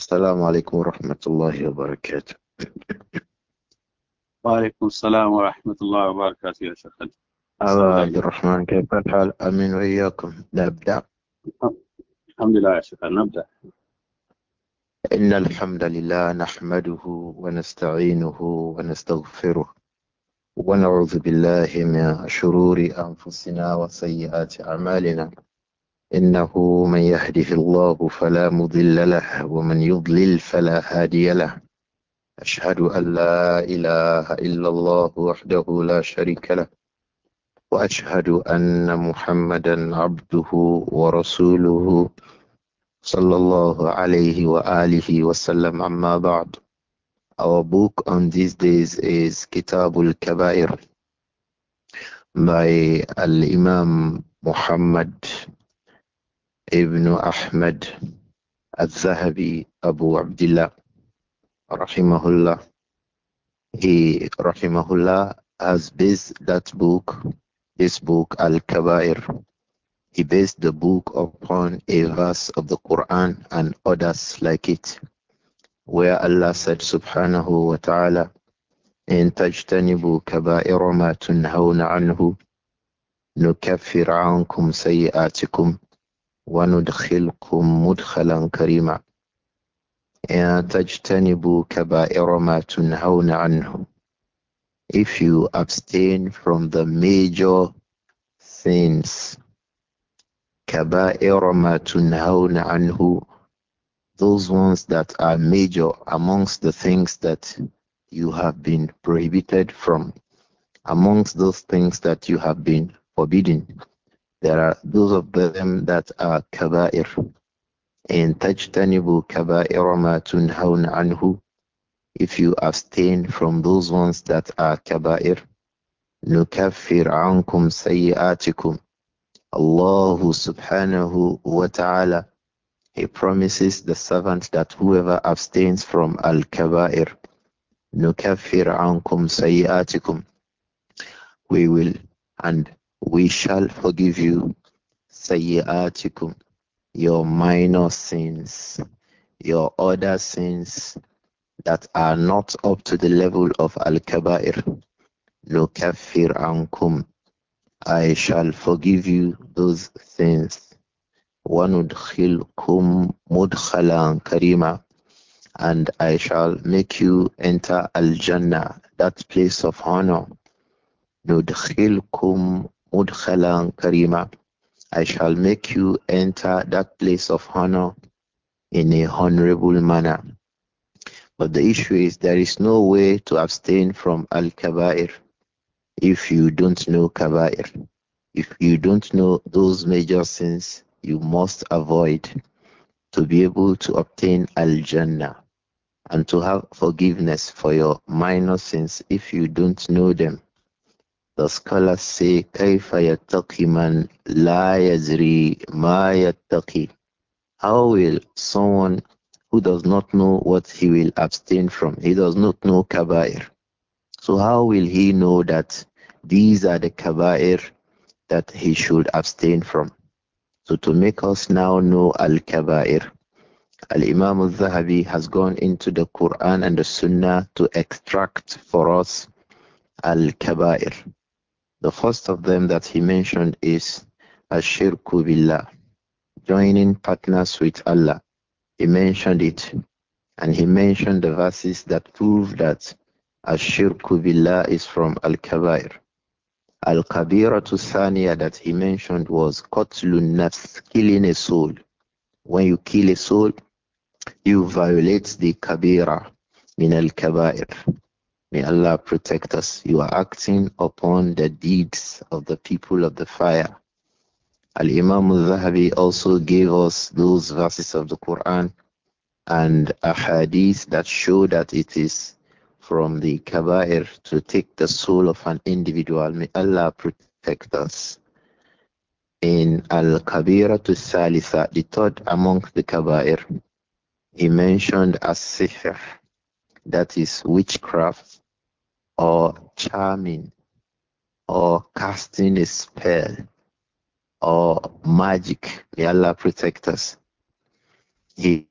السلام عليكم ورحمة الله وبركاته وعليكم السلام ورحمة الله وبركاته يا شيخ أبا عبد الرحمن كيف الحال أمين وإياكم نبدأ الحمد لله يا شيخ نبدأ إن الحمد لله نحمده ونستعينه ونستغفره ونعوذ بالله من شرور أنفسنا وسيئات أعمالنا إنه من يهده الله فلا مضل له ومن يضلل فلا هادي له أشهد أن لا إله إلا الله وحده لا شريك له وأشهد أن محمدا عبده ورسوله صلى الله عليه وآله وسلم أما بعد Our book on these days is Kitabul Kabair by Al-Imam Muhammad Ibn Ahmad al-Zahabi Abu Abdullah rahimahullah. He rahimahullah has based that book, this book Al-Kabair. He based the book upon a verse of the Quran and others like it, where Allah said Subhanahu wa Taala, "In tajtanibu kabair ma tunhauna anhu." نكفر عنكم سيئاتكم وندخلكم مدخلا كريما تجتنبوا كبائر ما تنهون عنه if you abstain from the major sins كبائر ما تنهون عنه those ones that are major amongst the things that you have been prohibited from amongst those things that you have been forbidden there are those of them that are kaba'ir. In tajtanibu kaba'ir ma tunhaun anhu. If you abstain from those ones that are kaba'ir, nukaffir ankum sayyatikum. Allah subhanahu wa ta'ala he promises the servant that whoever abstains from al kaba'ir nukaffir ankum sayyatikum we will and we shall forgive you, Sayyatikum, your minor sins, your other sins that are not up to the level of Al Kaba'ir. No kafir ankum. I shall forgive you those things. kum مُدْخَلًا karima, and I shall make you enter Al Jannah, that place of honor. Nudkhilkum Mudkhalan Karima. I shall make you enter that place of honor in a honorable manner. But the issue is there is no way to abstain from Al Kaba'ir if you don't know Kaba'ir. If you don't know those major sins, you must avoid to be able to obtain Al Jannah and to have forgiveness for your minor sins if you don't know them the scholars say كيف يتقي من لا يدري how will someone who does not know what he will abstain from he does not know kabair so how will he know that these are the kabair that he should abstain from so to make us now know al kabair Al Imam al Zahabi has gone into the Quran and the Sunnah to extract for us Al Kabair. The first of them that he mentioned is Ashirku Billah, joining partners with Allah. He mentioned it, and he mentioned the verses that prove that Ashirku Billah is from Al kabir Al Kabira to Saniya that he mentioned was Qatlun Nafs, killing a soul. When you kill a soul, you violate the Kabira min Al Kabair. May Allah protect us. You are acting upon the deeds of the people of the fire. Al Imam al Zahabi also gave us those verses of the Quran and a hadith that show that it is from the Kaba'ir to take the soul of an individual. May Allah protect us. In Al Kabira to Salisa, the third among the Kaba'ir, he mentioned as sihr, that is witchcraft or charming or casting a spell or magic. May Allah protect us. He,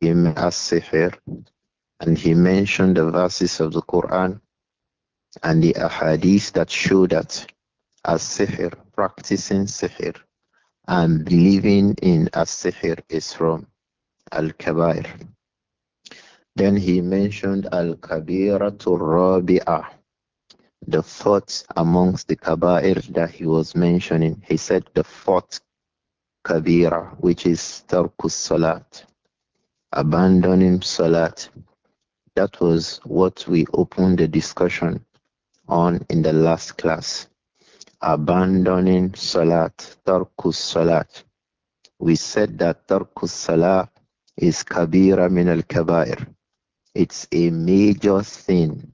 he and he mentioned the verses of the Quran and the ahadith that show that as sihir, practicing sihir and believing in as sihir is from al-kabair then he mentioned Al Kabira to Rabi'ah, the fourth amongst the Kaba'ir that he was mentioning. He said the fourth Kabira, which is Tarkus Salat, abandoning Salat. That was what we opened the discussion on in the last class. Abandoning Salat, Tarkus Salat. We said that Tarkus Salat is Kabira min al Kaba'ir it's a major sin.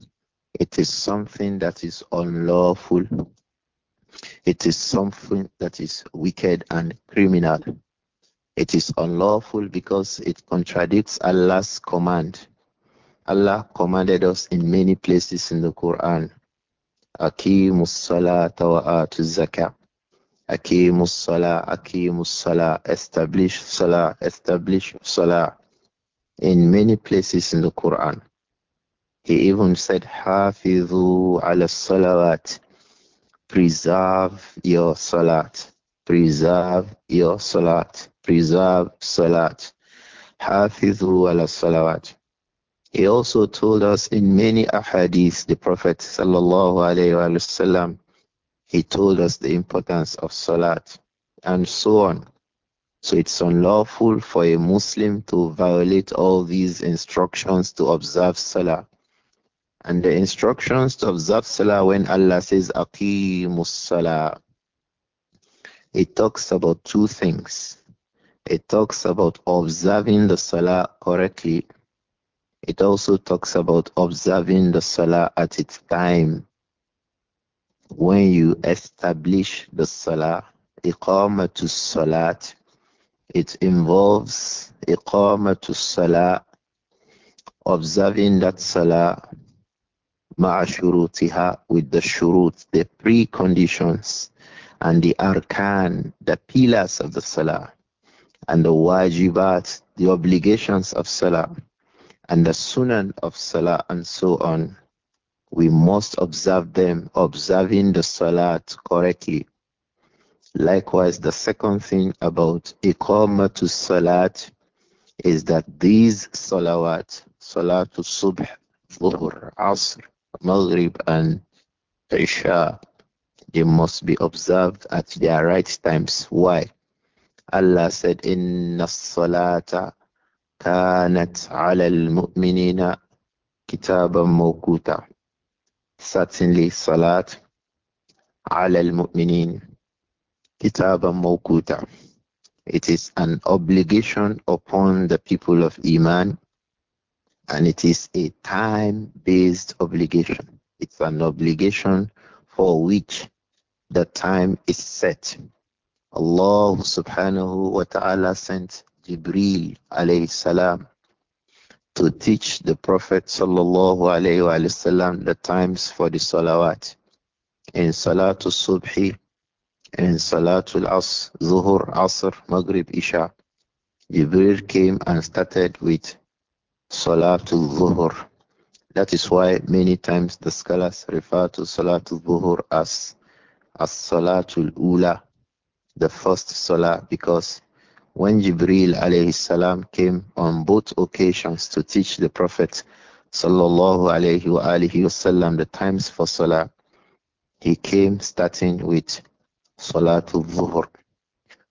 It is something that is unlawful. It is something that is wicked and criminal. It is unlawful because it contradicts Allah's command. Allah commanded us in many places in the Quran. Akimus salata wa atu zakah. Akimus salah, akimus salah, establish salah, establish salah in many places in the Quran. He even said, "Hafizu ala salawat. Preserve your salat. Preserve your salat. Preserve salat. Hafizu ala salawat. He also told us in many ahadith, the Prophet sallallahu alayhi wa sallam, he told us the importance of salat and so on. So it's unlawful for a Muslim to violate all these instructions to observe Salah. And the instructions to observe Salah when Allah says Aqimus Salah, it talks about two things. It talks about observing the Salah correctly. It also talks about observing the Salah at its time. When you establish the Salah, to Salat, it involves to salah, observing that salah ma'ashurutiha with the shurut, the preconditions and the arkan, the pillars of the salah, and the wajibat, the obligations of salah, and the sunan of salah, and so on. We must observe them, observing the salat correctly. Likewise, the second thing about to Salat is that these Salawat, Salatu Subh, Dhuhr, Asr, Maghrib, and Isha, they must be observed at their right times. Why? Allah said, Inna salata kanat ala al-mu'minina kitaban mawkuta. Certainly, salat ala al-mu'minin al-Muqūta. mawquta. It is an obligation upon the people of Iman and it is a time based obligation. It's an obligation for which the time is set. Allah subhanahu wa ta'ala sent Jibril alayhi salam to teach the Prophet sallallahu alayhi wa sallam the times for the salawat. In salatu subhi, and Salatul Asr, Zuhur, Asr, Maghrib, Isha, Jibril came and started with Salatul Zuhur. That is why many times the scholars refer to Salatul Zuhur as, as Salatul Ula, the first Salah, because when Jibril alayhi salam came on both occasions to teach the Prophet sallallahu alayhi wa the times for Salah, he came starting with al Zuhur.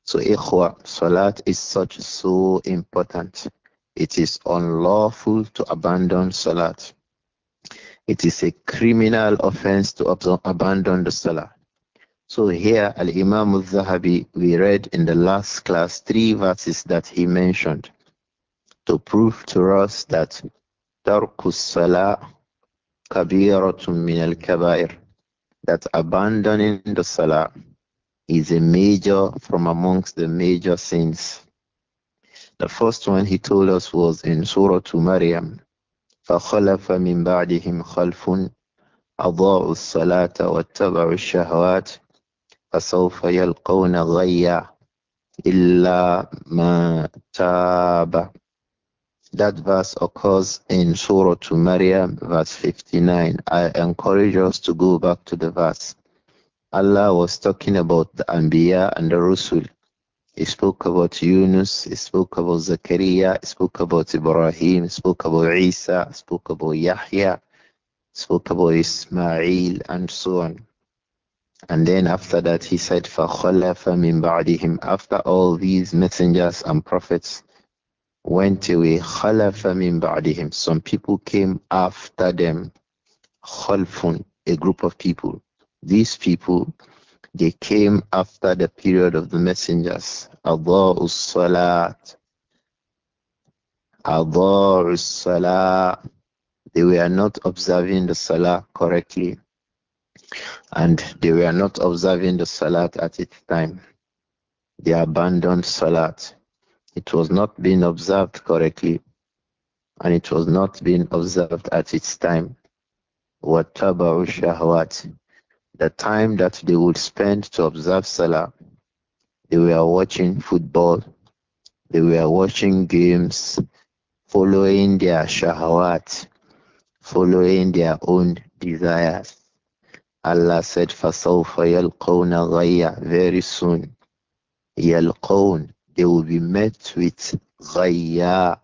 So, Ikhwa, Salat is such so important. It is unlawful to abandon Salat. It is a criminal offense to ab abandon the Salah. So here, Al Imam al Zahabi, we read in the last class three verses that he mentioned to prove to us that Tarkus Salah Kabiratun min al Kabair, that abandoning the Salah is a major from amongst the major sins. The first one he told us was in Surah to Maryam. فخلف من بعدهم خلف أضاعوا الصلاة واتبعوا الشهوات فسوف يلقون غيا إلا ما تاب That verse occurs in Surah to Maryam, verse 59. I encourage us to go back to the verse. Allah was talking about the Anbiya and the Rusul. He spoke about Yunus, he spoke about Zakaria, he spoke about Ibrahim, he spoke about Isa, he spoke about Yahya, he spoke about Ismail, and so on. And then after that, he said, فَخَلَفَ مِنْ بَعْدِهِمْ After all these messengers and prophets went away, خَلَفَ مِنْ بَعْدِهِمْ Some people came after them, خَلْفٌ, a group of people. These people, they came after the period of the messengers. Adha'us Salat. Adha'us Salah. They were not observing the Salah correctly. And they were not observing the Salat at its time. They abandoned Salat. It was not being observed correctly. And it was not being observed at its time. وَاتَّبَعُوا shahwat the time that they would spend to observe Salah, they were watching football, they were watching games, following their shahawat, following their own desires. Allah said, فَسَوْفَ يَلْقَوْنَ غَيَّ Very soon, يَلْقَوْن They will be met with غَيَّ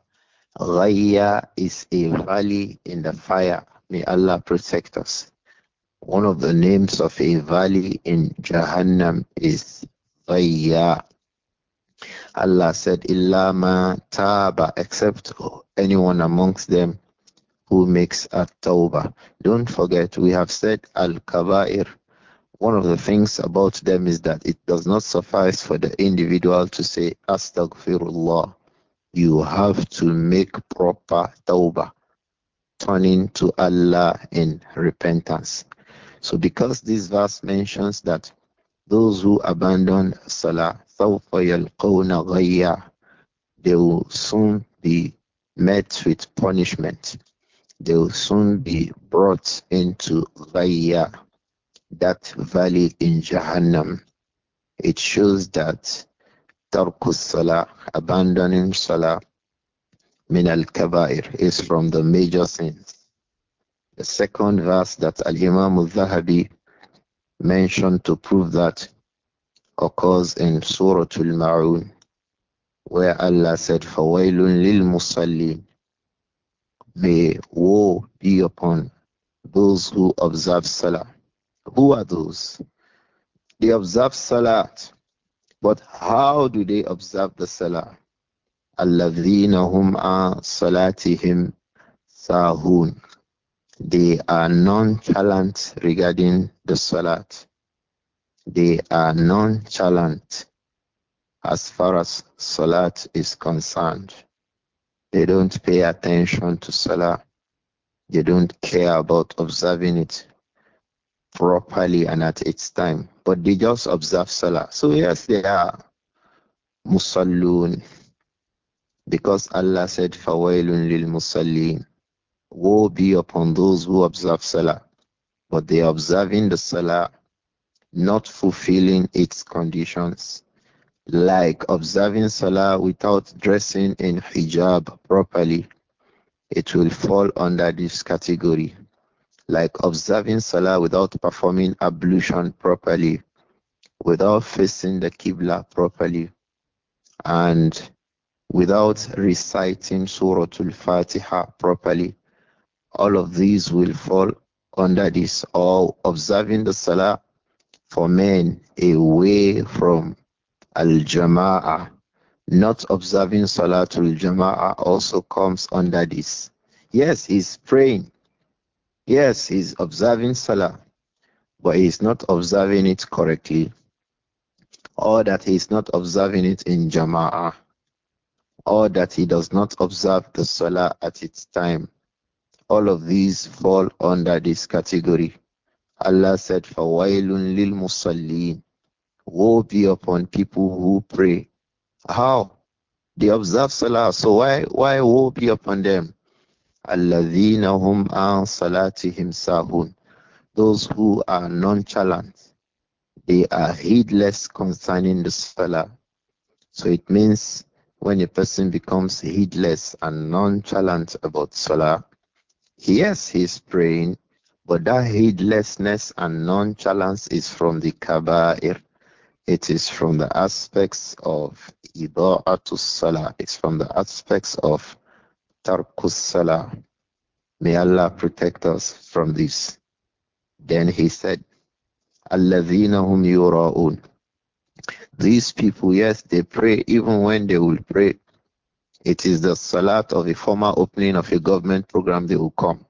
غَيَّ is a valley in the fire. May Allah protect us. One of the names of a valley in Jahannam is Zayya. Allah said, Illama Taba, except anyone amongst them who makes a tawbah. Don't forget, we have said Al Kaba'ir. One of the things about them is that it does not suffice for the individual to say Astaghfirullah. You have to make proper tawbah, turning to Allah in repentance. So because this verse mentions that those who abandon Salah, they will soon be met with punishment. They will soon be brought into Ghaya, that valley in Jahannam. It shows that Tarkus Salah, abandoning Salah, min al Kabair, is from the major sins. The second verse that Al Imam al Zahabi mentioned to prove that occurs in Surah Al Ma'un, where Allah said, Fawailun lil Musallim. May woe be upon those who observe Salah. Who are those? They observe Salah, but how do they observe the Salah? الذين هم عن صلاتهم ساهون they are nonchalant regarding the salat. They are nonchalant as far as salat is concerned. They don't pay attention to salat. They don't care about observing it properly and at its time. But they just observe salah. So yes, they are musallun because Allah said, "Fawailun lil Woe be upon those who observe Salah, but they are observing the Salah, not fulfilling its conditions, like observing Salah without dressing in hijab properly. It will fall under this category, like observing Salah without performing ablution properly, without facing the Qibla properly, and without reciting Surah Al Fatiha properly all of these will fall under this or observing the salah for men away from al-jama'ah. Not observing salatul jama'ah also comes under this. Yes, he's praying. Yes, he's observing salah, but he's not observing it correctly or that he's not observing it in Jama'ah, or that he does not observe the Salah at its time, all of these fall under this category. Allah said, فَوَيْلٌ لِلْمُصَلِّينَ Woe be upon people who pray. How? They observe salah, so why why woe be upon them? الَّذِينَ هُمْ عَنْ صَلَاتِهِمْ sahun. Those who are nonchalant, they are heedless concerning the salah. So it means when a person becomes heedless and nonchalant about salah, Yes, he's praying, but that heedlessness and nonchalance is from the kaba'ir. It is from the aspects of ida'atus salah. It's from the aspects of tarkus salah. May Allah protect us from this. Then he said, Alladhina hum yura'un. These people, yes, they pray even when they will pray. It is the salat of a formal opening of a government program, they will come.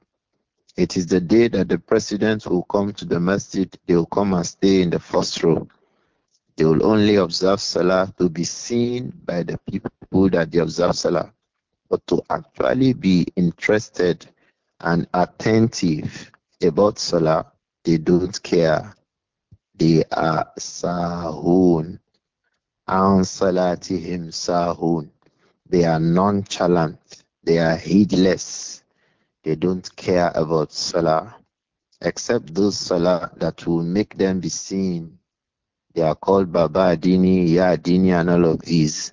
It is the day that the president will come to the masjid, they will come and stay in the first row. They will only observe salah to be seen by the people that they observe salah. But to actually be interested and attentive about salah, they don't care. They are sahun. An salatihim sahun. They are nonchalant. They are heedless. They don't care about Salah, except those Salah that will make them be seen. They are called Baba Adini, Ya Adini, and all of these.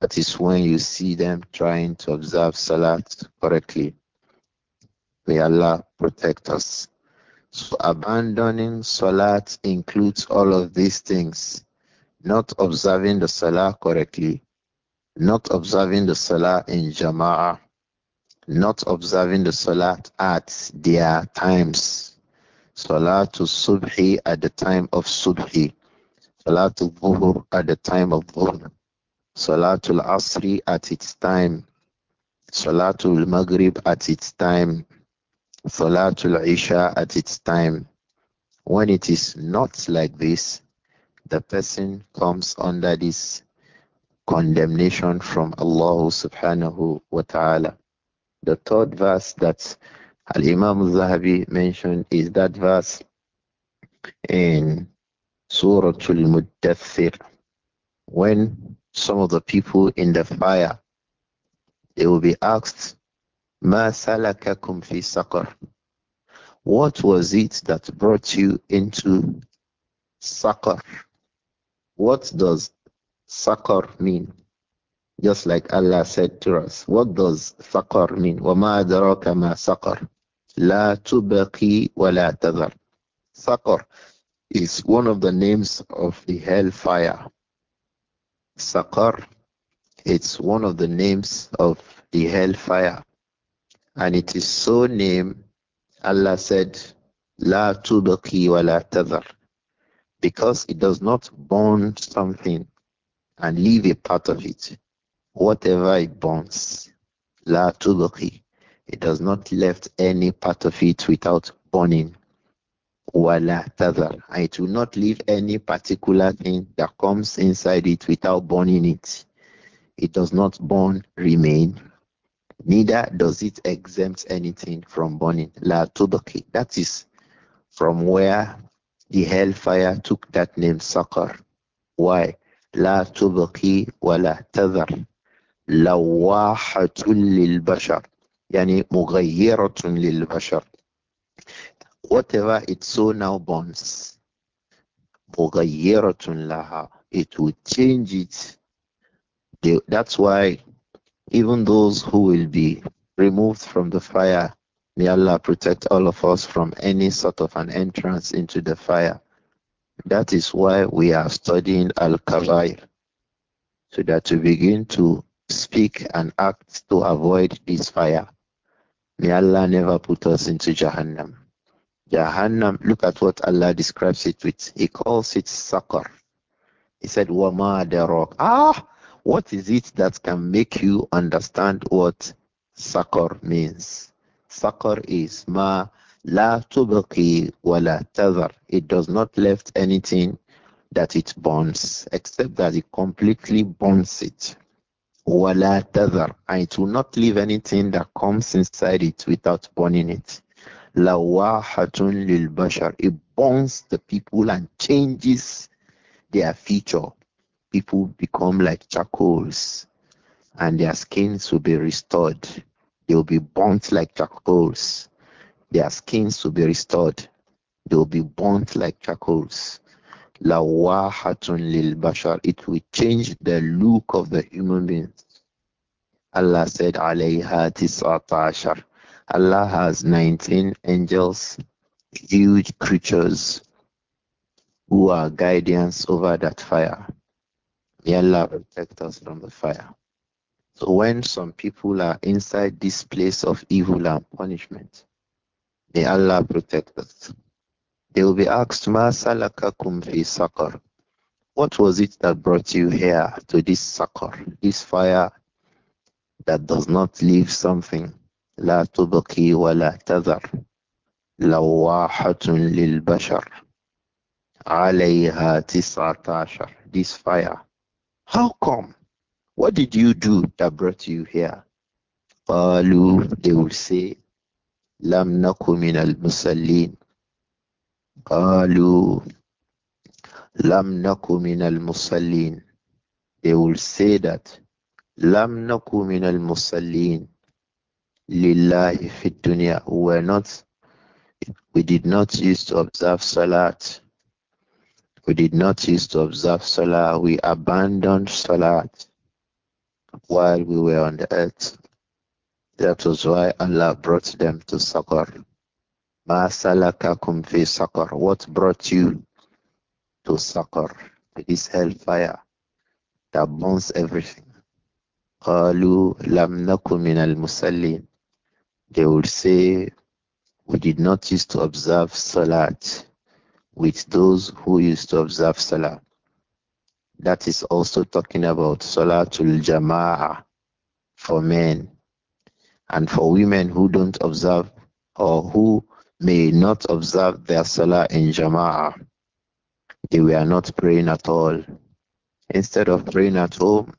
That is when you see them trying to observe Salah correctly. May Allah protect us. So abandoning Salat includes all of these things. Not observing the Salah correctly, not observing the salah in jama'ah, not observing the salah at their times. Salah to subhi at the time of subhi, salah to dhuhr at the time of dhuhr, salah to asri at its time, salah to maghrib at its time, salah to isha at its time. When it is not like this, the person comes under this condemnation from Allah subhanahu wa ta'ala. The third verse that Al Imam al Zahabi mentioned is that verse in Surah Al Muddathir when some of the people in the fire they will be asked "Ma سلككم fi سقر what was it that brought you into sakar? What does Sakar mean? Just like Allah said to us, what does Sakar mean? وَمَا أَدْرَاكَ مَا سَقَرْ لَا تُبَقِي وَلَا تَذَرْ Sakar is one of the names of the hellfire. Sakar, it's one of the names of the hellfire. And it is so named, Allah said, La tubaki wa la Because it does not burn something, and leave a part of it. Whatever it burns, la tubaki, it does not left any part of it without burning. Wala tazar, it will not leave any particular thing that comes inside it without burning it. It does not burn, remain, neither does it exempt anything from burning. La tubaki, that is from where the hellfire took that name, Sakar. Why? لا تبقي ولا تذر لواحة للبشر يعني مغيرة للبشر whatever it so now bonds مغيرة لها it will change it that's why even those who will be removed from the fire may Allah protect all of us from any sort of an entrance into the fire that is why we are studying Al Kabair, so that we begin to speak and act to avoid this fire. May Allah never put us into Jahannam. Jahannam, look at what Allah describes it with. He calls it Sakar. He said, Wama darok. Ah, what is it that can make you understand what Sakar means? Sakar is Ma La tubqi wa la tazar. It does not left anything that it burns, except that it completely burns it. Wa la tazar. And it will not leave anything that comes inside it without burning it. Lawahatun lil bashar. It burns the people and changes their feature. People become like charcoals and their skins will be restored. They will be burnt like charcoals their skins will be restored. They will be burnt like charcoals. hatun lil bashar. It will change the look of the human beings. Allah said, Alayha tis'atashar. Allah has 19 angels, huge creatures who are guidance over that fire. May Allah protect us from the fire. So when some people are inside this place of evil and punishment, May Allah protect us. They will be asked, Ma kum fi sakar. What was it that brought you here to this sakar, this fire that does not leave something? la لا la ولا تذر لواحة lil bashar. Alayha عشر This fire. How come? What did you do that brought you here? قالوا They will say لم نك من المصلين قالوا لم نك من المصلين they will say that لم نك من المصلين لله في الدنيا we were not we did not used to observe salat we did not used to observe salah we abandoned salat while we were on the earth that was why Allah brought them to Sakar. Ma fi Sakar. What brought you to Sakar? this hellfire that burns everything. Qalu لم نكن al المسلين. They would say, we did not used to observe Salat with those who used to observe Salah. That is also talking about Salatul Jama'ah for men. And for women who don't observe or who may not observe their salah in jama'ah, they were not praying at all. Instead of praying at home,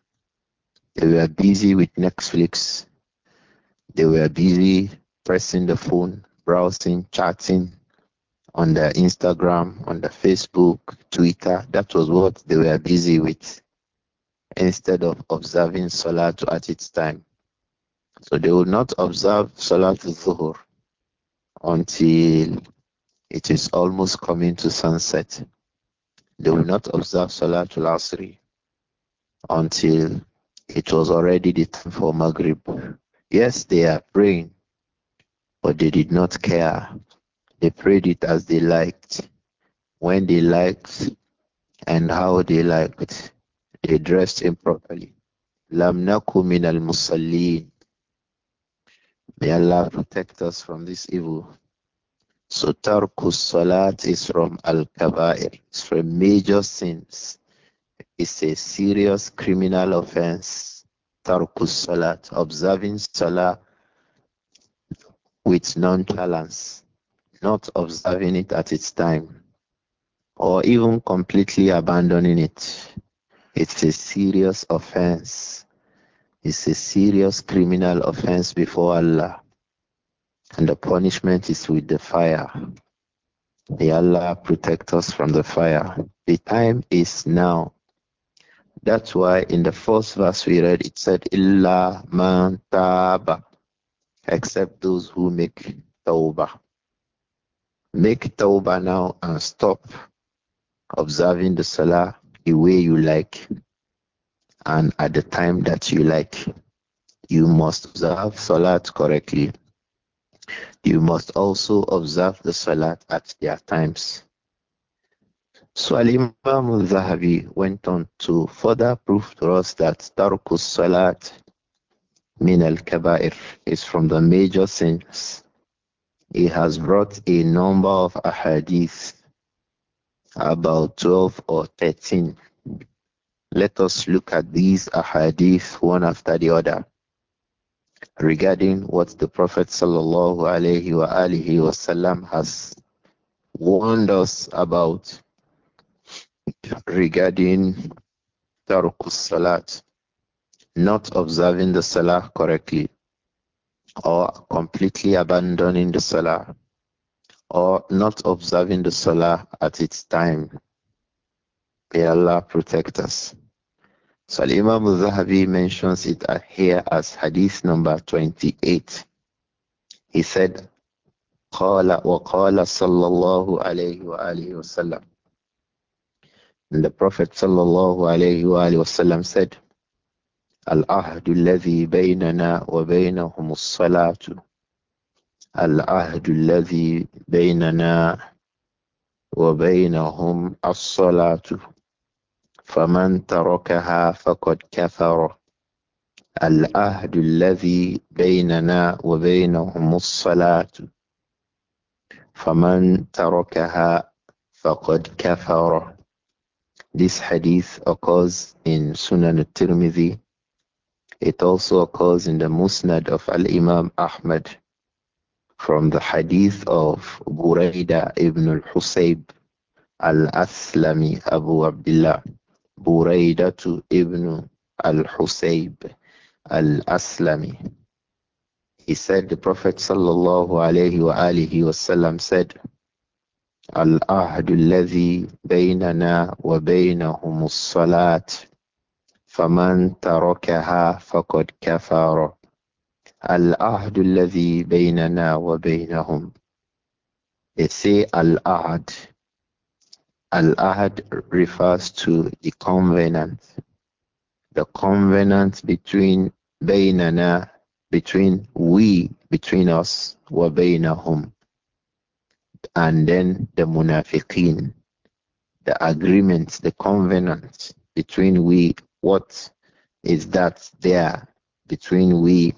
they were busy with Netflix. They were busy pressing the phone, browsing, chatting on the Instagram, on the Facebook, Twitter. That was what they were busy with. Instead of observing Salah at its time. So they will not observe Salat al-Zuhur until it is almost coming to sunset. They will not observe Salat al-Asri until it was already the time for Maghrib. Yes, they are praying, but they did not care. They prayed it as they liked, when they liked, and how they liked. They dressed improperly. لم نكن من المصلين May Allah protect us from this evil. So tarku salat is from al-kaba'ir. It's from major sins. It's a serious criminal offense. Tarku salat, observing salah with nonchalance, not observing it at its time, or even completely abandoning it. It's a serious offense is a serious criminal offense before Allah, and the punishment is with the fire. May Allah protect us from the fire. The time is now. That's why in the first verse we read, it said, Illa man taba, except those who make tawbah. Make tawbah now and stop observing the salah the way you like and at the time that you like. You must observe Salat correctly. You must also observe the Salat at their times. So Al-Imam zahabi went on to further prove to us that Tarkus Salat min al-Kaba'ir is from the major sins. He has brought a number of ahadith, about 12 or 13, let us look at these ahadith one after the other regarding what the Prophet sallallahu alaihi wasallam has warned us about regarding tarukus salat, not observing the salah correctly, or completely abandoning the salah, or not observing the salah at its time. May Allah protect us. So Al Imam mentions it here as hadith number 28. He said, قال وقال صلى الله عليه وآله وسلم and the Prophet sallallahu alayhi wa wasallam said, Al-ahdu alladhi baynana wa baynahum as-salatu. Al-ahdu alladhi baynana wa baynahum as-salatu. فمن تركها فقد كفر العهد الذي بيننا وبينهم الصلاة فمن تركها فقد كفر This hadith occurs in Sunan al-Tirmidhi. It also occurs in the Musnad of Al-Imam Ahmad from the hadith of Buraida ibn al-Husayb al-Aslami Abu Abdullah. Buraidatu ibn al-Husayb al-Aslami. He said, the Prophet sallallahu alayhi wa alihi wasallam said, العهد الذي بيننا وبينهم الصلاة فمن تركها فقد كفر العهد الذي بيننا وبينهم They say al-ahd Al-Ahd refers to the covenant, the covenant between bainana, between we, between us, wa bainahum, and then the munafiqeen, the agreement, the covenant between we, what is that there between we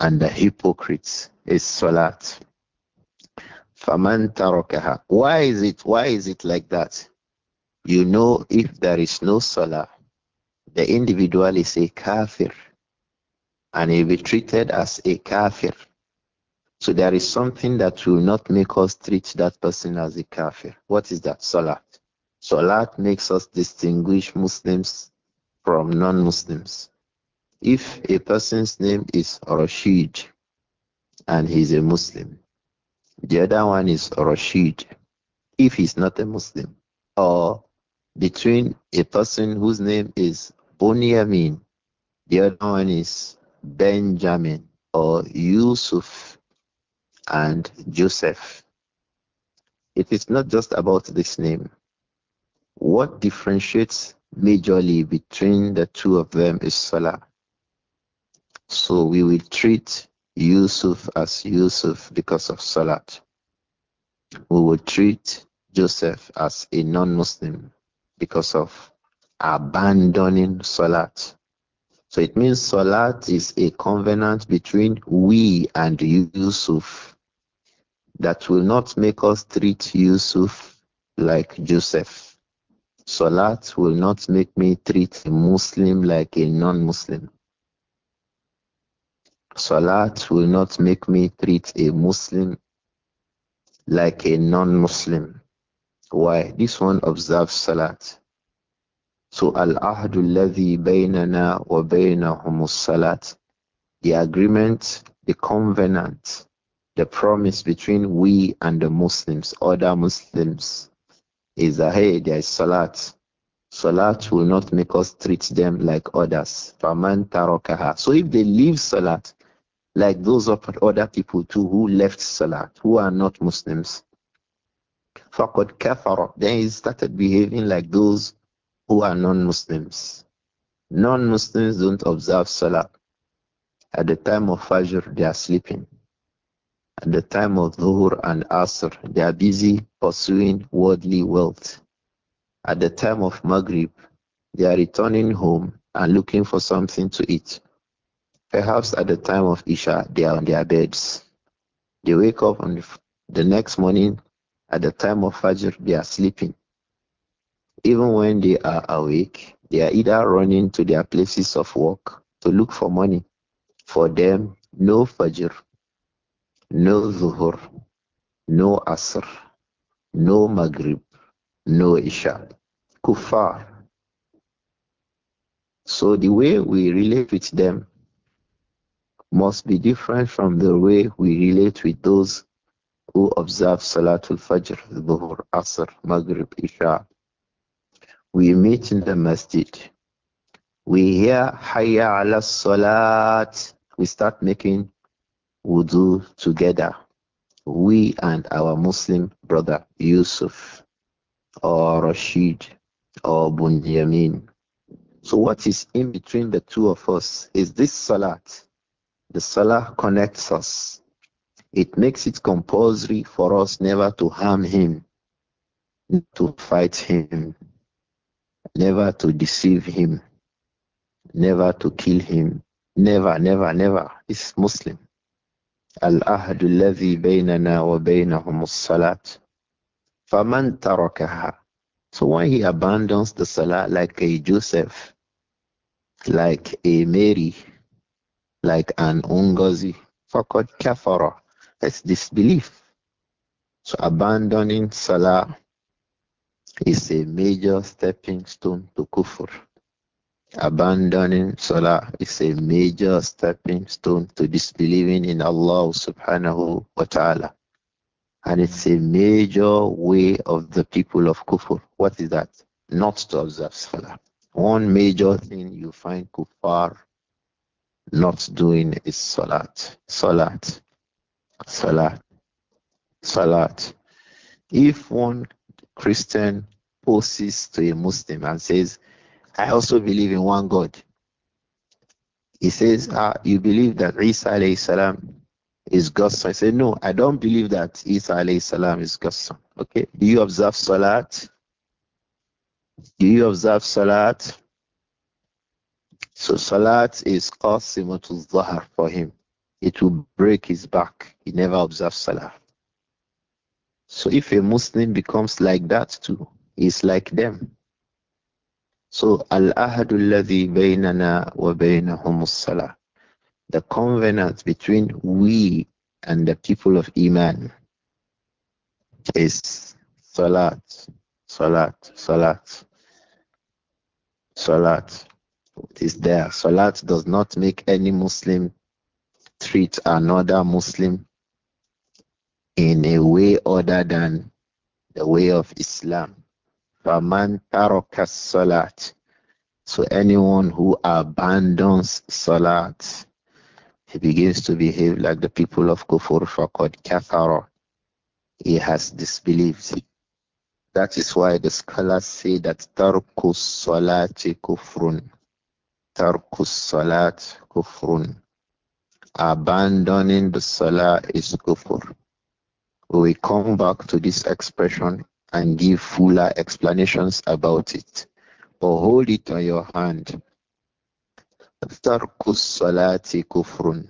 and the hypocrites is salat. Why is it? Why is it like that? You know, if there is no salah, the individual is a kafir and he'll be treated as a kafir. So there is something that will not make us treat that person as a kafir. What is that? Salah. Salah makes us distinguish Muslims from non-Muslims. If a person's name is Rashid and he's a Muslim, the other one is Rashid, if he's not a Muslim, or between a person whose name is Bunyamin, the other one is Benjamin or Yusuf and Joseph. It is not just about this name. What differentiates majorly between the two of them is Salah. So we will treat Yusuf as Yusuf because of Salat. We will treat Joseph as a non Muslim because of abandoning Salat. So it means Salat is a covenant between we and Yusuf that will not make us treat Yusuf like Joseph. Salat will not make me treat a Muslim like a non Muslim. Salat will not make me treat a Muslim like a non Muslim. Why? This one observes Salat. So, Al ahdul Ladhi Bainana wa Bainahum Salat. The agreement, the covenant, the promise between we and the Muslims, other Muslims, is that hey, there is Salat. Salat will not make us treat them like others. So if they leave Salat, like those of other people too who left Salat, who are not Muslims. فَقَدْ كَفَرَ Then he started behaving like those who are non-Muslims. Non-Muslims don't observe Salah. At the time of Fajr, they are sleeping. At the time of Dhuhr and Asr, they are busy pursuing worldly wealth. At the time of Maghrib, they are returning home and looking for something to eat. Perhaps at the time of Isha, they are on their beds. They wake up on the, the next morning at the time of Fajr, they are sleeping. Even when they are awake, they are either running to their places of work to look for money. For them, no Fajr, no Zuhur, no Asr, no Maghrib, no Isha. Kuffar. So the way we relate with them must be different from the way we relate with those who observe Salatul Fajr, Dhuhr, Asr, Maghrib, Isha. We meet in the masjid. We hear Hayya ala Salat. We start making wudu together. We and our Muslim brother Yusuf or Rashid or Bunyamin. So what is in between the two of us is this Salat the Salah connects us. It makes it compulsory for us never to harm him, to fight him, never to deceive him, never to kill him, never, never, never. It's Muslim. العهد الذي بيننا وبينهم الصلاة فمن تركها So when he abandons the Salah like a Joseph, like a Mary, like an ungazi, called kafara. That's disbelief. So abandoning salah is a major stepping stone to kufr. Abandoning salah is a major stepping stone to disbelieving in Allah subhanahu wa ta'ala. And it's a major way of the people of kufr. What is that? Not to observe salah. One major thing you find kuffar not doing is salat, salat, salat, salat. If one Christian poses to a Muslim and says, I also believe in one God. He says, ah, you believe that Isa alayhi salam is God's son. I say, no, I don't believe that Isa alayhi salam is God's son. Okay, do you observe Salat? Do you observe Salat? So Salat is qasimatul zahar for him. It will break his back. He never observes salat. So if a Muslim becomes like that too, he's like them. So al-ahadu alladhi baynana wa baynahum salah The covenant between we and the people of Iman is Salat, Salat, Salat, Salat. It is there. Salat does not make any Muslim treat another Muslim in a way other than the way of Islam. man taraka salat. So anyone who abandons salat, he begins to behave like the people of Kufur called kafar. He has disbelieved. That is why the scholars say that tarku salati kufrun. Tarkus Salat Kufrun. Abandoning the Salah is kufr. We come back to this expression and give fuller explanations about it. But hold it on your hand. Tarkus Salati Kufrun.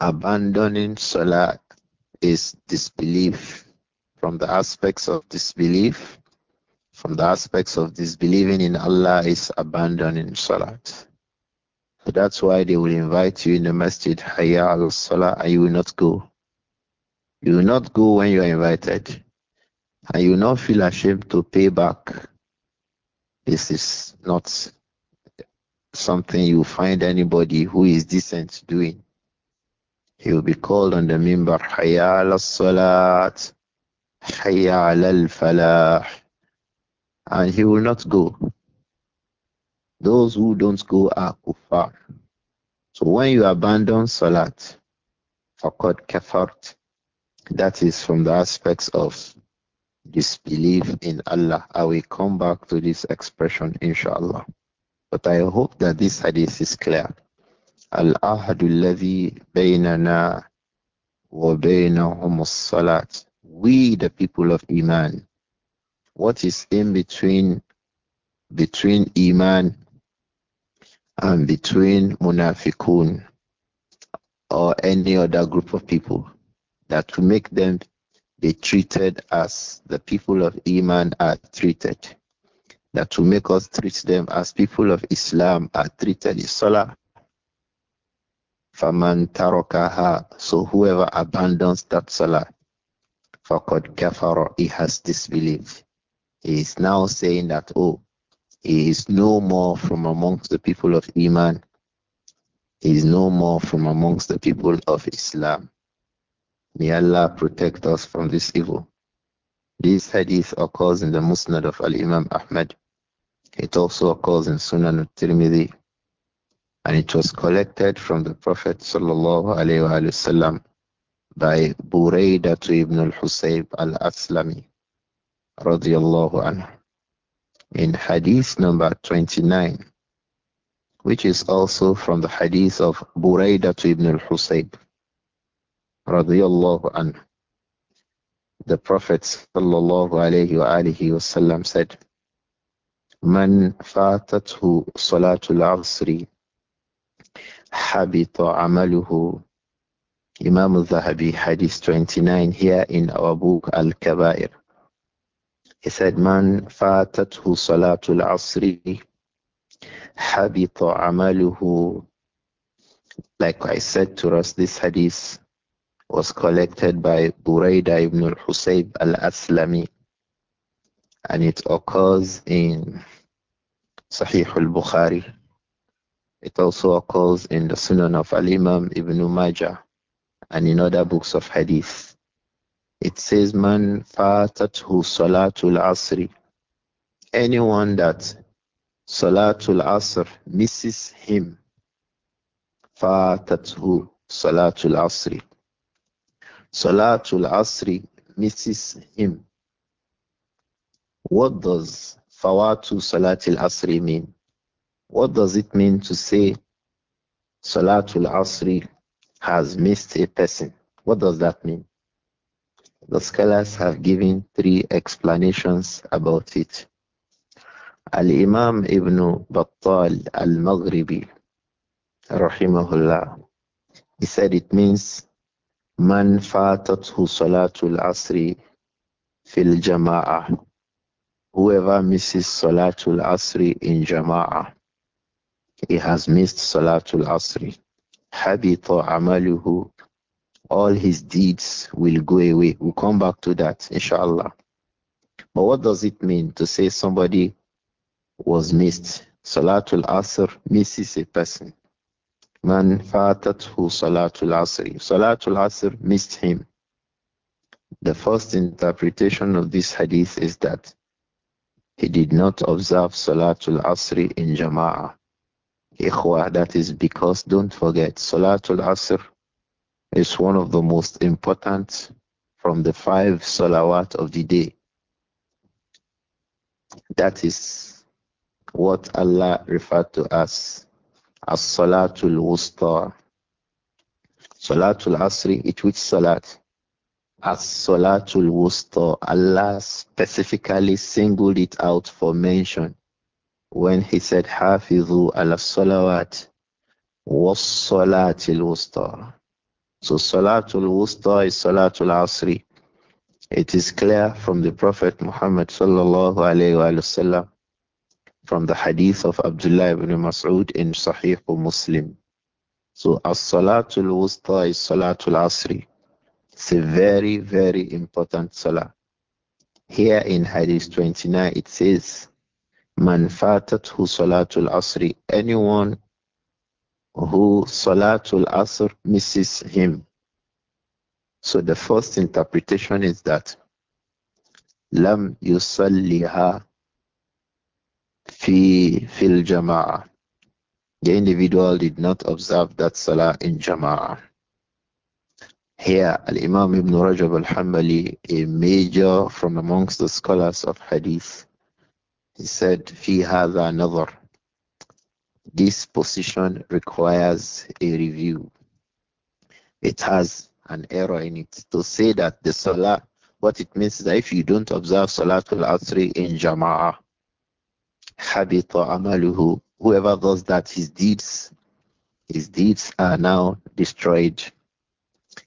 Abandoning Salah is disbelief. From the aspects of disbelief, from the aspects of disbelieving in Allah is abandoning Salat. So that's why they will invite you in the masjid, Hayya al Salah, and you will not go. You will not go when you are invited. And you will not feel ashamed to pay back. This is not something you find anybody who is decent doing. He will be called on the member, Hayya al Salat, Hayya al Falah and he will not go. Those who don't go are kufar. So when you abandon salat, faqad kafart, that is from the aspects of disbelief in Allah. I will come back to this expression, inshallah. But I hope that this hadith is clear. العهد baynana بيننا وبينهم الصلاة. We, the people of Iman, what is in between between iman and between munafiqun or any other group of people that will make them be treated as the people of iman are treated that will make us treat them as people of islam are treated is salah faman tarakaha so whoever abandons that salah faqad kafara he has disbelieved he is now saying that, oh, he is no more from amongst the people of Iman. He is no more from amongst the people of Islam. May Allah protect us from this evil. This hadith occurs in the Musnad of Al Imam Ahmad. It also occurs in Sunan al Tirmidhi. And it was collected from the Prophet وسلم, by Buraidah ibn al Husayb al Aslami radiallahu anhu in hadith number 29 which is also from the hadith of Buraidah to ibn al-Husayb radiallahu anhu the prophet sallallahu alayhi wa alihi wasallam said من فاتته صلاة العصر حبط عمله Imam al-Zahabi hadith 29 here in our book Al-Kabair he said, Man fatathu salatul asri habita amaluhu. Like I said to us, this hadith was collected by Buraida ibn al-Husayb al-Aslami and it occurs in Sahih al-Bukhari. It also occurs in the Sunan of Al-Imam ibn Majah and in other books of hadith. It says, Man fatathu salatul asri. Anyone that salatul asr misses him, fatathu salatul asri. Salatul asri misses him. What does fawatu salatul asri mean? What does it mean to say salatul asri has missed a person? What does that mean? The scholars have given three explanations about it. Al-Imam Ibn Battal Al-Maghribi, rahimahullah, he said it means man fatathu salatul asri fil jama'ah. Whoever misses salatul asri in jama'ah, he has missed salatul asri. Habita amaluhu all his deeds will go away. We'll come back to that, inshallah. But what does it mean to say somebody was missed? Salatul Asr misses a person. Man fatathu Salatul Asr. Salatul Asr missed him. The first interpretation of this hadith is that he did not observe Salatul Asr in Jama'ah. ikhwah. that is because don't forget Salatul Asr is one of the most important from the five salawat of the day. That is what Allah referred to as as Salatul Wusta. Salatul Asri, it which Salat? As Salatul Wusta, Allah specifically singled it out for mention when He said, Hafizu ala Salawat was Salatul Wusta. So Salatul Wusta is Salatul Asri. It is clear from the Prophet Muhammad sallallahu alayhi wasallam from the hadith of Abdullah ibn Mas'ud in Sahih Muslim. So As-Salatul Wusta is Salatul Asri. It's a very, very important salah. Here in Hadith 29 it says Man fatathu Salatul Asri. Anyone who Salatul Asr misses him. So the first interpretation is that Lam Yusalliha fi fil jama'ah. The individual did not observe that salah in jama'ah. Here, Al-Imam Ibn Rajab al hamali a major from amongst the scholars of hadith, he said, fi hadha nadhar. This position requires a review. It has an error in it to say that the salah, what it means is that if you don't observe solatul Asri in Jama'ah, or Amaluhu, whoever does that, his deeds, his deeds are now destroyed.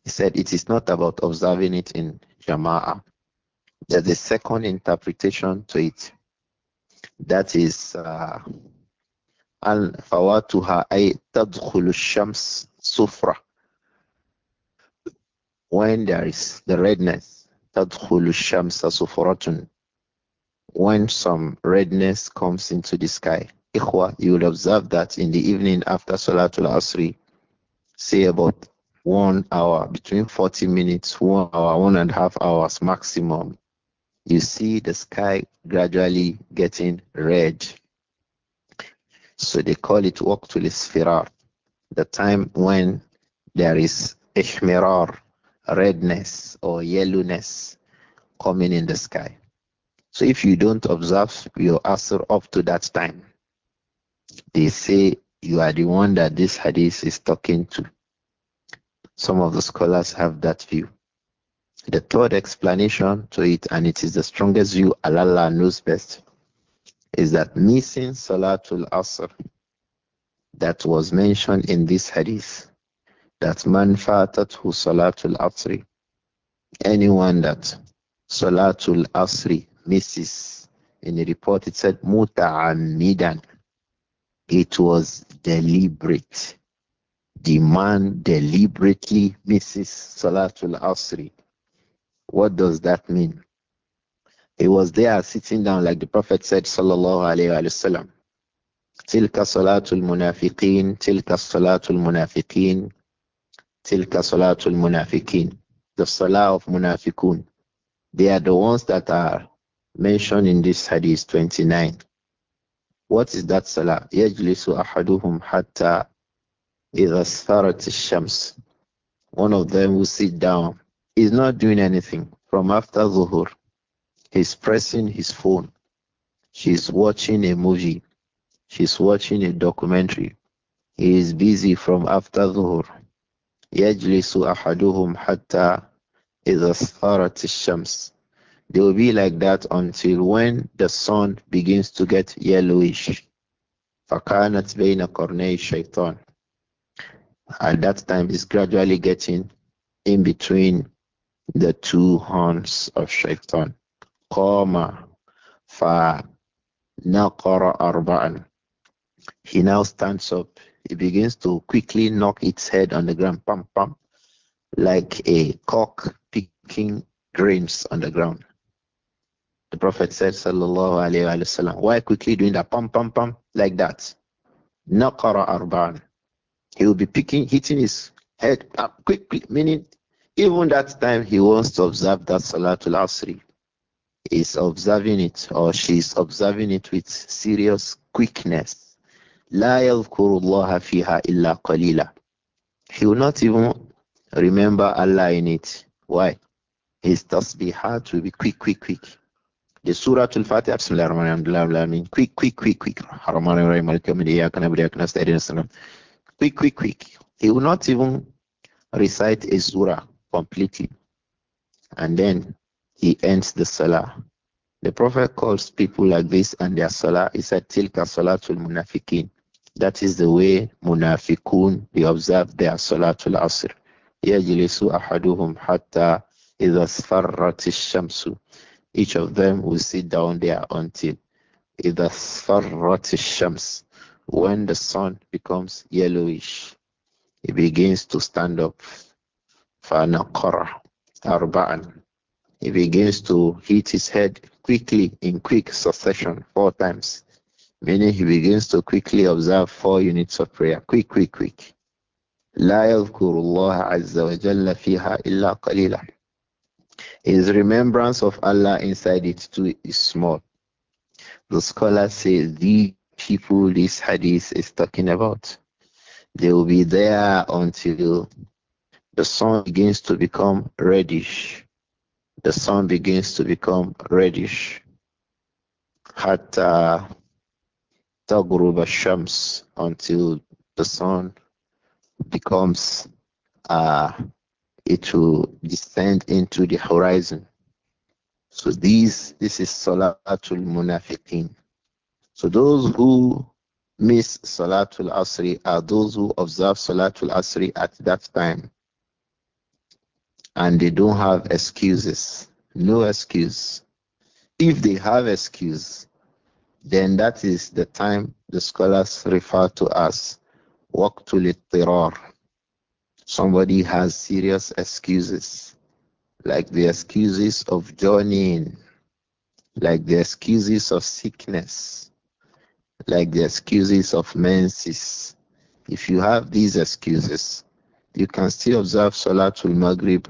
He said it is not about observing it in Jama'ah. There's a second interpretation to it. That is uh, عن فواتها أي تدخل الشمس صفرة when there is the redness تدخل الشمس صفرة when some redness comes into the sky إخوة you will observe that in the evening after Salatul Asri say about one hour between 40 minutes one hour one and a half hours maximum you see the sky gradually getting red so they call it waqtul isfirar, the time when there is ihmirar, redness or yellowness coming in the sky. So if you don't observe your asr up to that time, they say you are the one that this hadith is talking to. Some of the scholars have that view. The third explanation to it, and it is the strongest view, Allah knows best, is that missing Salatul Asr that was mentioned in this hadith that man fatatu Salatul Asri anyone that Salatul Asri misses in the report it said muta'amidan. it was deliberate the man deliberately misses Salatul Asri what does that mean he was there sitting down like the Prophet said, Sallallahu Alaihi Wasallam. Tilka Salatul munafiqin, Tilka Salatul munafiqin, Tilka Salatul munafiqin. The Salah of Munafiqun. They are the ones that are mentioned in this hadith 29. What is that Salah? يجلس أحدهم حتى إذا سارت shams One of them will sit down. He's not doing anything from after Zuhur He's pressing his phone. She's watching a movie. She's watching a documentary. He is busy from after Dhuhr. يجلس أحدهم حتى إذا صارت الشمس they will be like that until when the sun begins to get yellowish. فَكَانَتْ بَيْنَ قَرْنَيْ shaitan. At that time, it's gradually getting in between the two horns of shaitan. فقام فنقر أربعا he now stands up he begins to quickly knock its head on the ground pam pam like a cock picking grains on the ground the prophet said sallallahu alaihi wasallam why quickly doing that pam pam pam like that naqara arba'an he will be picking hitting his head up quickly meaning even that time he wants to observe that salatul asri is observing it or she is observing it with serious quickness. لا يذكر الله فيها إلا He will not even remember Allah in it. Why? His tasbihat will be quick, quick, quick. The Surah Al-Fatiha, Bismillahirrahmanirrahim, quick, quick, quick, quick. Quick, quick, quick. He will not even recite a surah completely. And then he ends the salah. The Prophet calls people like this and their salah is a tilka salatul munafiqin. That is the way munafiqun, they observe their salatul asr. يجلس أحدهم حتى إذا اصفرت الشمس Each of them will sit down there until إذا اصفرت الشمس When the sun becomes yellowish, it begins to stand up. فنقر أربعا he begins to hit his head quickly in quick succession four times, meaning he begins to quickly observe four units of prayer. Quick, quick, quick. لا يذكر الله عز وجل فيها إلا قليلا. His remembrance of Allah inside it too is small. The scholar says the people this hadith is talking about. They will be there until the sun begins to become reddish the sun begins to become reddish. Hatta tagruba shams until the sun becomes uh, it will descend into the horizon. So this this is Salatul Munafiqin. So those who miss Salatul Asri are those who observe Salatul Asri at that time and they don't have excuses. No excuse. If they have excuse, then that is the time the scholars refer to as waqtul terror. Somebody has serious excuses, like the excuses of journeying, like the excuses of sickness, like the excuses of menses. If you have these excuses, you can still observe Salatul Maghrib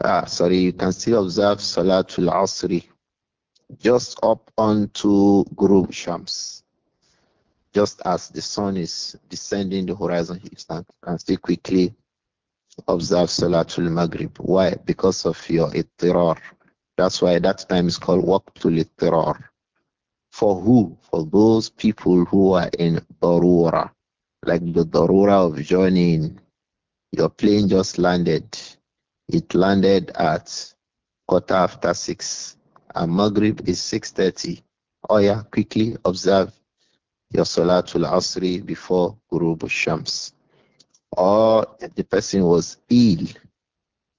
Ah, sorry, you can still observe Salatul Asri just up onto Guru Shams. Just as the sun is descending the horizon, you can still quickly observe Salatul Maghrib. Why? Because of your ittirar. That's why that time is called Waqtul Ittirar. For who? For those people who are in Darura, like the Darura of joining. Your plane just landed it landed at quarter after six, and Maghrib is six thirty. Oh yeah, quickly observe your Salatul Asri before Ghurub Shams. Or oh, the person was ill.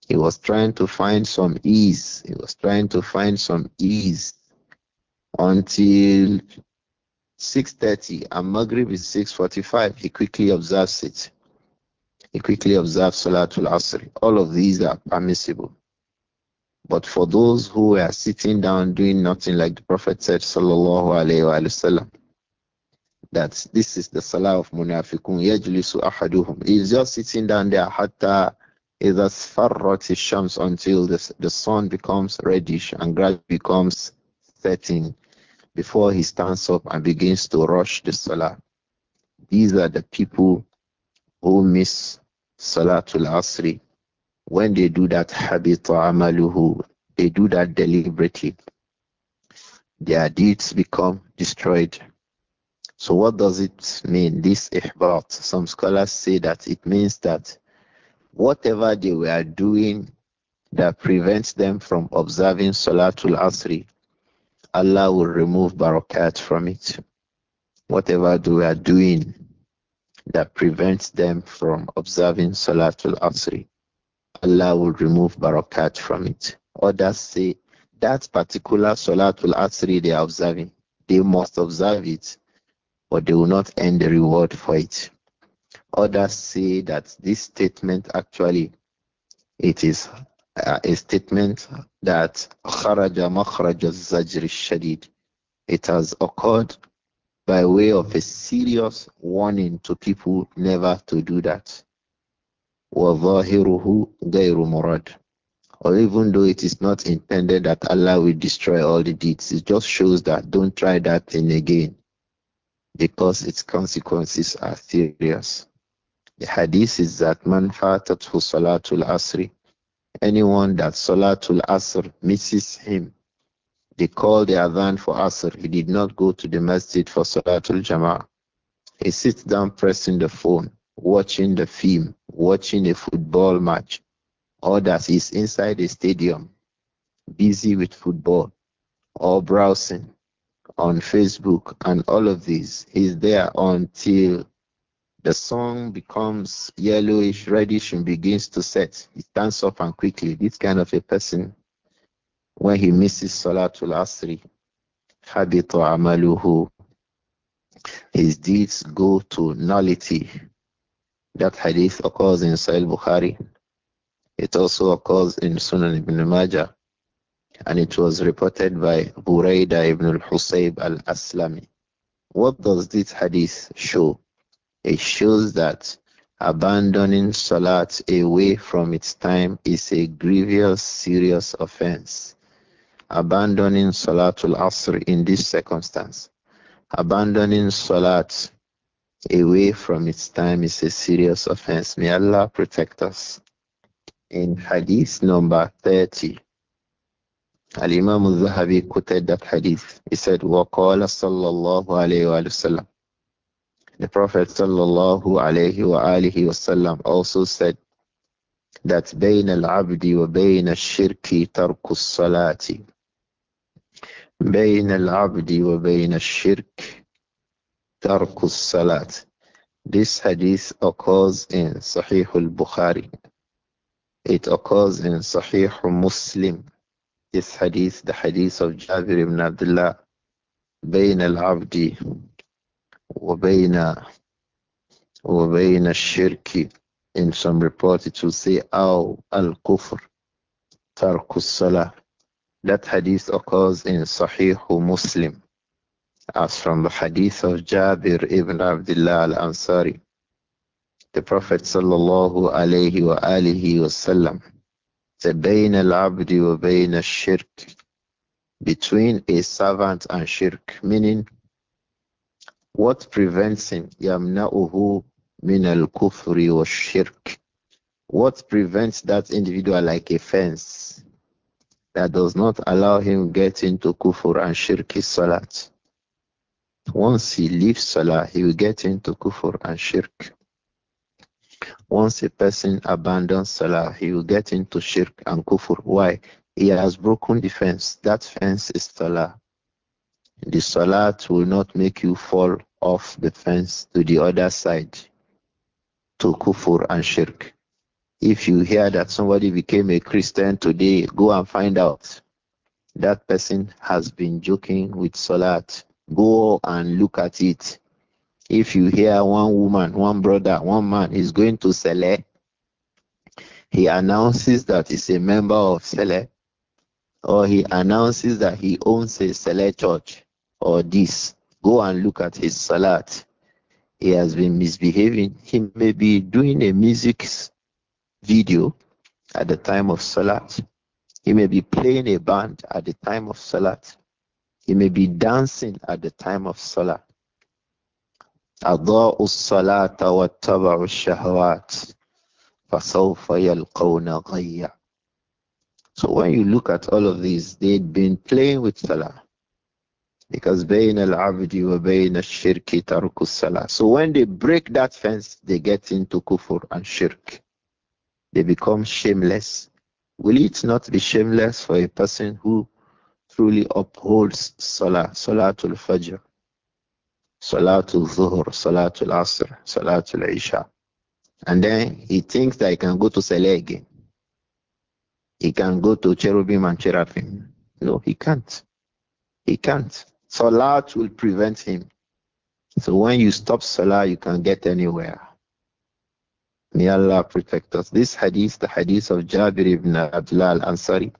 He was trying to find some ease. He was trying to find some ease until 6.30 and Maghrib is 6.45. He quickly observes it. He quickly observed Salatul Asr. All of these are permissible. But for those who are sitting down doing nothing, like the Prophet said, Sallallahu Alaihi Wasallam, that this is the Salah of Munafiqun, Yajlisu Ahaduhum. He's just sitting down there, Hatta إذا سفرت shams until the, the sun becomes reddish and gradually becomes 13 before he stands up and begins to rush the salah. These are the people who miss Salatul Asri, when they do that habita amaluhu, they do that deliberately. Their deeds become destroyed. So what does it mean, this ihbat? Some scholars say that it means that whatever they were doing that prevents them from observing Salatul Asri, Allah will remove barakat from it. Whatever they were doing that prevents them from observing Salatul Asri. Allah will remove barakat from it. Others say that particular Salatul Asri they are observing, they must observe it, or they will not earn the reward for it. Others say that this statement actually it is uh, a statement that خرج مخرج الزجر الشديد. It has occurred by way of a serious warning to people never to do that. Or even though it is not intended that Allah will destroy all the deeds, it just shows that don't try that thing again because its consequences are serious. The hadith is that man fatathu salatul asri. Anyone that salatul asr misses him, they called the Adhan for Asr. He did not go to the masjid for Salatul Jama'ah. He sits down pressing the phone, watching the film, watching a football match. Or that he's inside a stadium, busy with football, or browsing on Facebook and all of these. He's there until the sun becomes yellowish, reddish, and begins to set. He stands up and quickly. This kind of a person when he misses Salatul Asri, Habitu amaluhu. His deeds go to nullity. That hadith occurs in Sahih Bukhari. It also occurs in Sunan ibn Majah. And it was reported by Buraida ibn al-Husayb al-Aslami. What does this hadith show? It shows that abandoning salat away from its time is a grievous, serious offense abandoning Salatul Asr in this circumstance. Abandoning Salat away from its time is a serious offense. May Allah protect us. In Hadith number 30, Al Imam al Zahabi quoted that Hadith. He said, وَقَالَ صَلَّى اللَّهُ عَلَيْهِ وَسَلَّمَ The Prophet sallallahu alayhi wa alihi wasallam also said that بين العبد وبين الشرك ترك الصلاة بين العبد وبين الشرك ترك الصلاة This hadith occurs in Sahih al-Bukhari. It occurs in Sahih Muslim. This hadith, the hadith of Jabir ibn Abdullah, بين العبد وبين وبين الشرك in some reports it will say أو الكفر ترك الصلاة That hadith occurs in Sahih Muslim, as from the hadith of Jabir ibn Abdullah al Ansari. The Prophet sallallahu alayhi wa alihi wasallam said, Bain al abdi wa bain al shirk, between a servant and shirk, meaning what prevents him, yamna'uhu min al kufri wa shirk. What prevents that individual like a fence? that does not allow him get into kufur and shirk salat. Once he leaves salah, he will get into kufur and shirk. Once a person abandons salah, he will get into shirk and kufur. Why? He has broken the fence. That fence is salah. The salah will not make you fall off the fence to the other side to kufur and shirk. If you hear that somebody became a Christian today, go and find out. That person has been joking with Salat. Go and look at it. If you hear one woman, one brother, one man is going to Saleh, he announces that he's a member of Saleh, or he announces that he owns a Saleh church, or this. Go and look at his Salat he has been misbehaving. He may be doing a music video at the time of Salat. He may be playing a band at the time of Salat. He may be dancing at the time of Salat. الصلاة الشهوات فسوف يلقون غيا So when you look at all of these, they'd been playing with Salah. Because بين العبد وبين الشرك ترك الصلاة. So when they break that fence, they get into kufr and shirk they become shameless. Will it not be shameless for a person who truly upholds Salah, Salatul Fajr, Salatul Zuhr, Salatul Asr, Salatul Isha? And then he thinks that he can go to Saleh again. He can go to Cherubim and Cherubim. No, he can't. He can't. Salah will prevent him. So when you stop Salah, you can get anywhere. May Allah protect us. This hadith, the hadith of Jabir ibn Abdullah al-Ansari,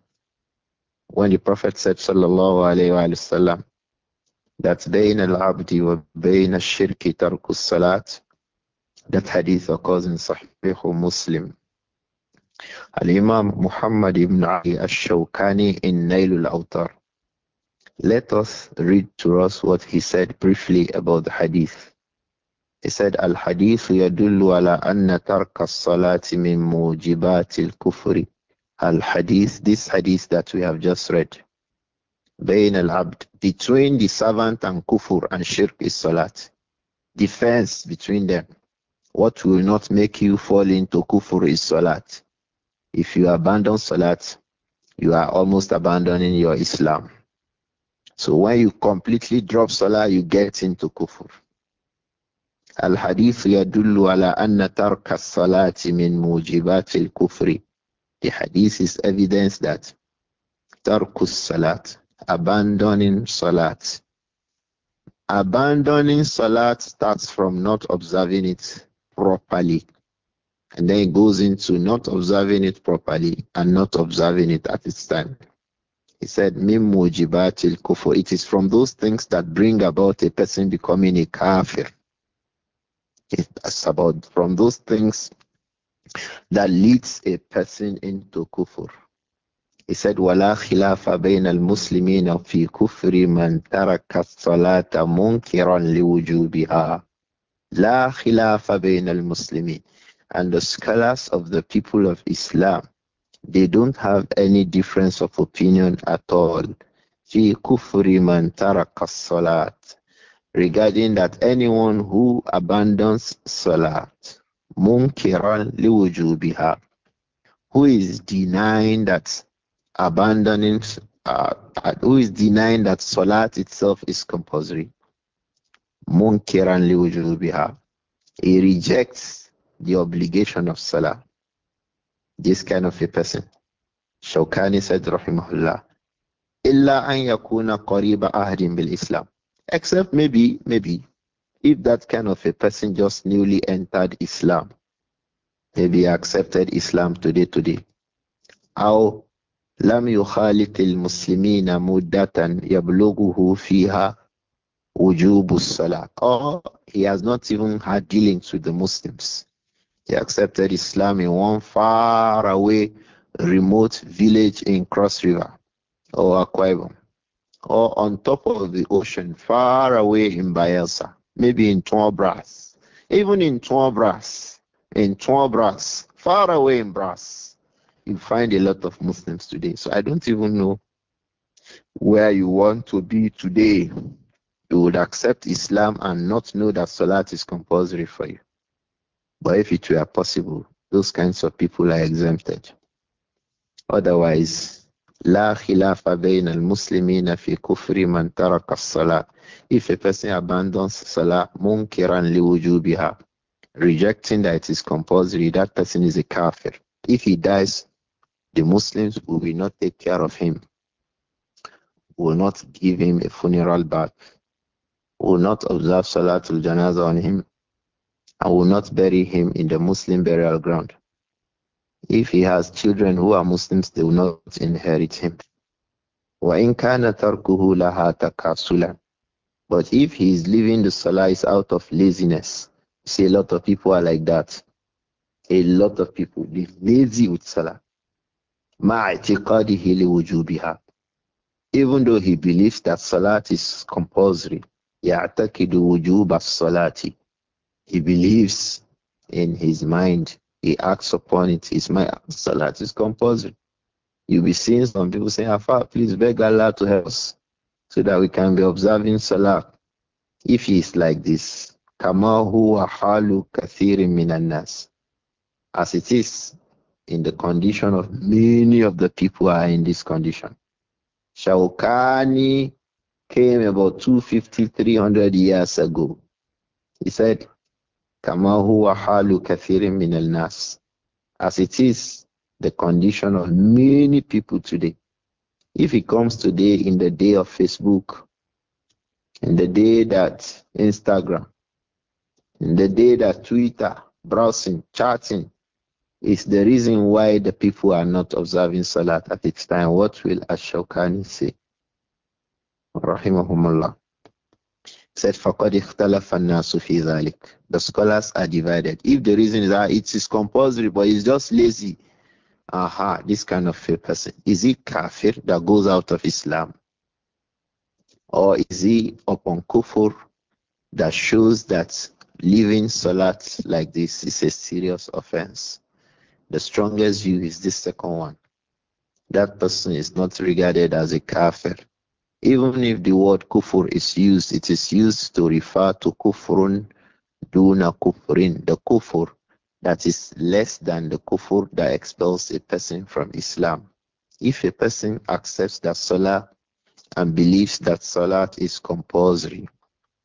when the Prophet said, sallallahu alayhi wa sallam, that the al-abdi wa bayn al-shirki tarkus salat, that hadith occurs in Sahih Muslim. Al-Imam Muhammad ibn Ali al-Shawkani in Nailul Awtar. Let us read to us what he said briefly about the hadith. He said, Al Hadith yadullu ala anna tarka salati min al kufri. Al Hadith, this hadith that we have just read. Bain al abd, between the servant and kufur and shirk is salat. Defense between them. What will not make you fall into kufur is salat. If you abandon salat, you are almost abandoning your Islam. So when you completely drop salah, you get into kufur. الحديث يدل على أن ترك الصلاة من موجبات الكفر The hadith is evidence that ترك الصلاة abandoning salat abandoning salat starts from not observing it properly and then it goes into not observing it properly and not observing it at its time he said من موجبات الكفر. it is from those things that bring about a person becoming a kafir it's about from those things that leads a person into kufr. He said, "Wala khilafa bayn al-Muslimin fi kufri man tarak salata munkiran liwujubiha." La khilafa bayn al-Muslimin, and the scholars of the people of Islam, they don't have any difference of opinion at all. Fi kufri man tarak salat regarding that anyone who abandons Salah, munkiran liwujubiha, who is denying that abandoning, uh, who is denying that Salat itself is compulsory, munkiran liwujubiha, he rejects the obligation of Salah. This kind of a person. Shawkani said, Rahimahullah, illa an yakuna qariba ahdin bil Islam Except maybe, maybe, if that kind of a person just newly entered Islam, maybe accepted Islam today, today. أو لم يخالط المسلمين مدة يبلغه فيها وجوب الصلاة or he has not even had dealings with the Muslims. He accepted Islam in one far away remote village in Cross River or Akwa Ibom or on top of the ocean, far away in Bielsa, maybe in Tuabras, even in Tuabras, in Tuabras, far away in Brass, you find a lot of Muslims today. So I don't even know where you want to be today. You would accept Islam and not know that Salat is compulsory for you. But if it were possible, those kinds of people are exempted. Otherwise, لا خلاف بين المسلمين في كفر من ترك الصلاة if a person abandons salah منكرا لوجوبها rejecting that it is compulsory that person is a kafir if he dies the Muslims will not take care of him will not give him a funeral bath will not observe salatul janazah on him and will not bury him in the Muslim burial ground if he has children who are Muslims, they will not inherit him. But if he is leaving the salah is out of laziness, see a lot of people are like that. A lot of people they lazy with salah. مَعْ اعْتِقَادِهِ لِوُجُوبِهَا Even though he believes that salah is compulsory, يَعْتَقِدُ وُجُوبَ الصَّلَاةِ He believes in his mind he acts upon it. It's my salat. that is compulsory. You'll be seeing some people saying, Afa, please beg Allah to help us so that we can be observing salah." If he is like this, kama huwa ahalu kathirin minan As it is in the condition of many of the people are in this condition. Shaukani came about 250, 300 years ago. He said, كما هو حال كثير من الناس as it is the condition of many people today if it comes today in the day of Facebook in the day that Instagram in the day that Twitter browsing chatting is the reason why the people are not observing Salat at its time. What will Ashokani say? Rahimahumullah said فَقَدْ اخْتَلَفَ النَّاسُ فِي ذَلِكَ The scholars are divided. If the reason is that it is compulsory, but it's just lazy, aha, this kind of a person, is he kafir that goes out of Islam? Or is he upon kufur that shows that leaving salat like this is a serious offense? The strongest view is this second one. That person is not regarded as a kafir even if the word kufur is used, it is used to refer to kufrun duna kufrin, the kufur that is less than the kufur that expels a person from Islam. If a person accepts that salah and believes that salah is compulsory,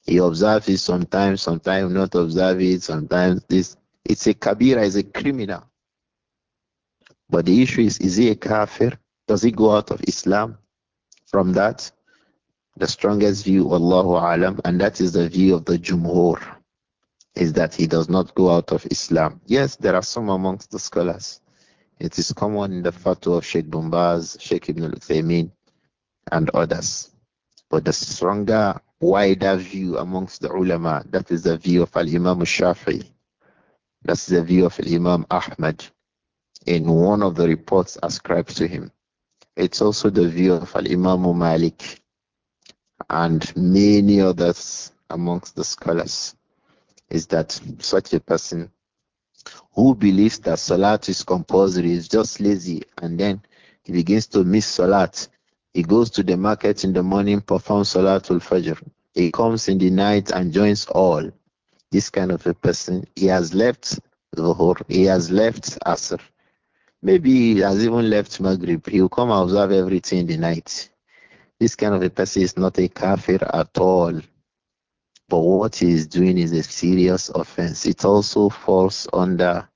he observes it sometimes, sometimes not observe it, sometimes this. It's a kabira, it's a criminal. But the issue is, is he a kafir? Does he go out of Islam from that? The strongest view, Allahu Alam, and that is the view of the Jumhur, is that he does not go out of Islam. Yes, there are some amongst the scholars. It is common in the fatwa of Sheikh Bumbaz, Sheikh Ibn al and others. But the stronger, wider view amongst the ulama, that is the view of Al Imam Shafi. That's the view of Al Imam Ahmad in one of the reports ascribed to him. It's also the view of Al Imam Malik and many others amongst the scholars is that such a person who believes that salat is compulsory is just lazy and then he begins to miss salat. He goes to the market in the morning, performs salatul fajr. He comes in the night and joins all. This kind of a person, he has left zuhur, he has left asr. Maybe he has even left maghrib. He will come and observe everything in the night. This kind of a person is not a kafir at all. But what he is doing is a serious offense. It also falls under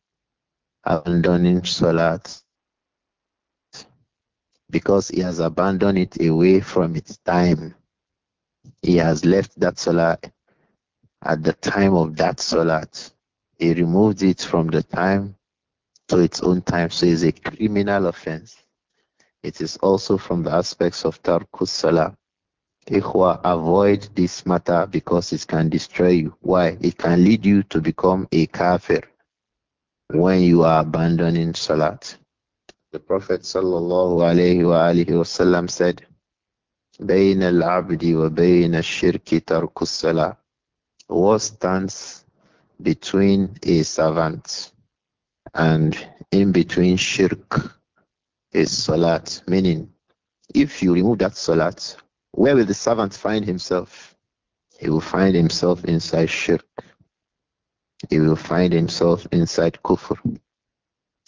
abandoning salat because he has abandoned it away from its time. He has left that salat at the time of that salat. He removed it from the time to its own time. So it's a criminal offense. It is also from the aspects of Tarkus Salah. Ikhwa, avoid this matter because it can destroy you. Why? It can lead you to become a kafir when you are abandoning Salat. The Prophet sallallahu alayhi wa alihi wasallam said, بين العبد وبين الشرك ترك الصلاة What stands between a servant and in between shirk is salat, meaning if you remove that salat, where will the servant find himself? He will find himself inside shirk. He will find himself inside kufr.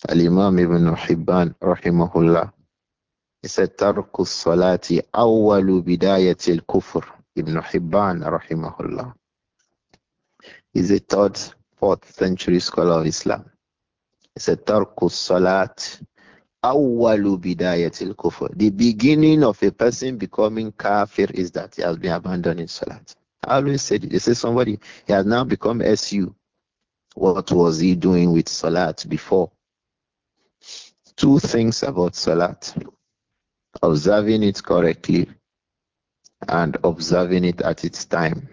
Al-Imam ibn Hibban, rahimahullah, he said, Tarku salati awwalu bidayatil kufr. Ibn Hibban, rahimahullah. He's a third, fourth century scholar of Islam. He said, Tarku salat awwalu bidayatil kufr. The beginning of a person becoming kafir is that he has been abandoning salat. I always say this. They say somebody he has now become SU. What was he doing with salat before? Two things about salat: observing it correctly and observing it at its time.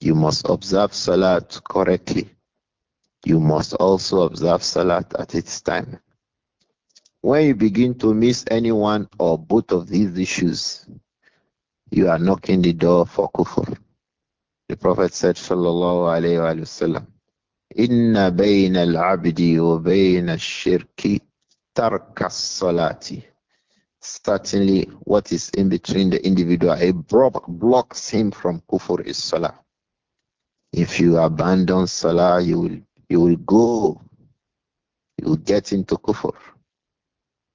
You must observe salat correctly. You must also observe salat at its time when you begin to miss any one or both of these issues, you are knocking the door for kufr. The Prophet said, Sallallahu Alaihi Wasallam, Inna bayna al-abdi wa bayna al-shirki tarka salati. Certainly, what is in between the individual, it blocks him from kufr is salah. If you abandon salah, you will, you will go, you will get into kufr.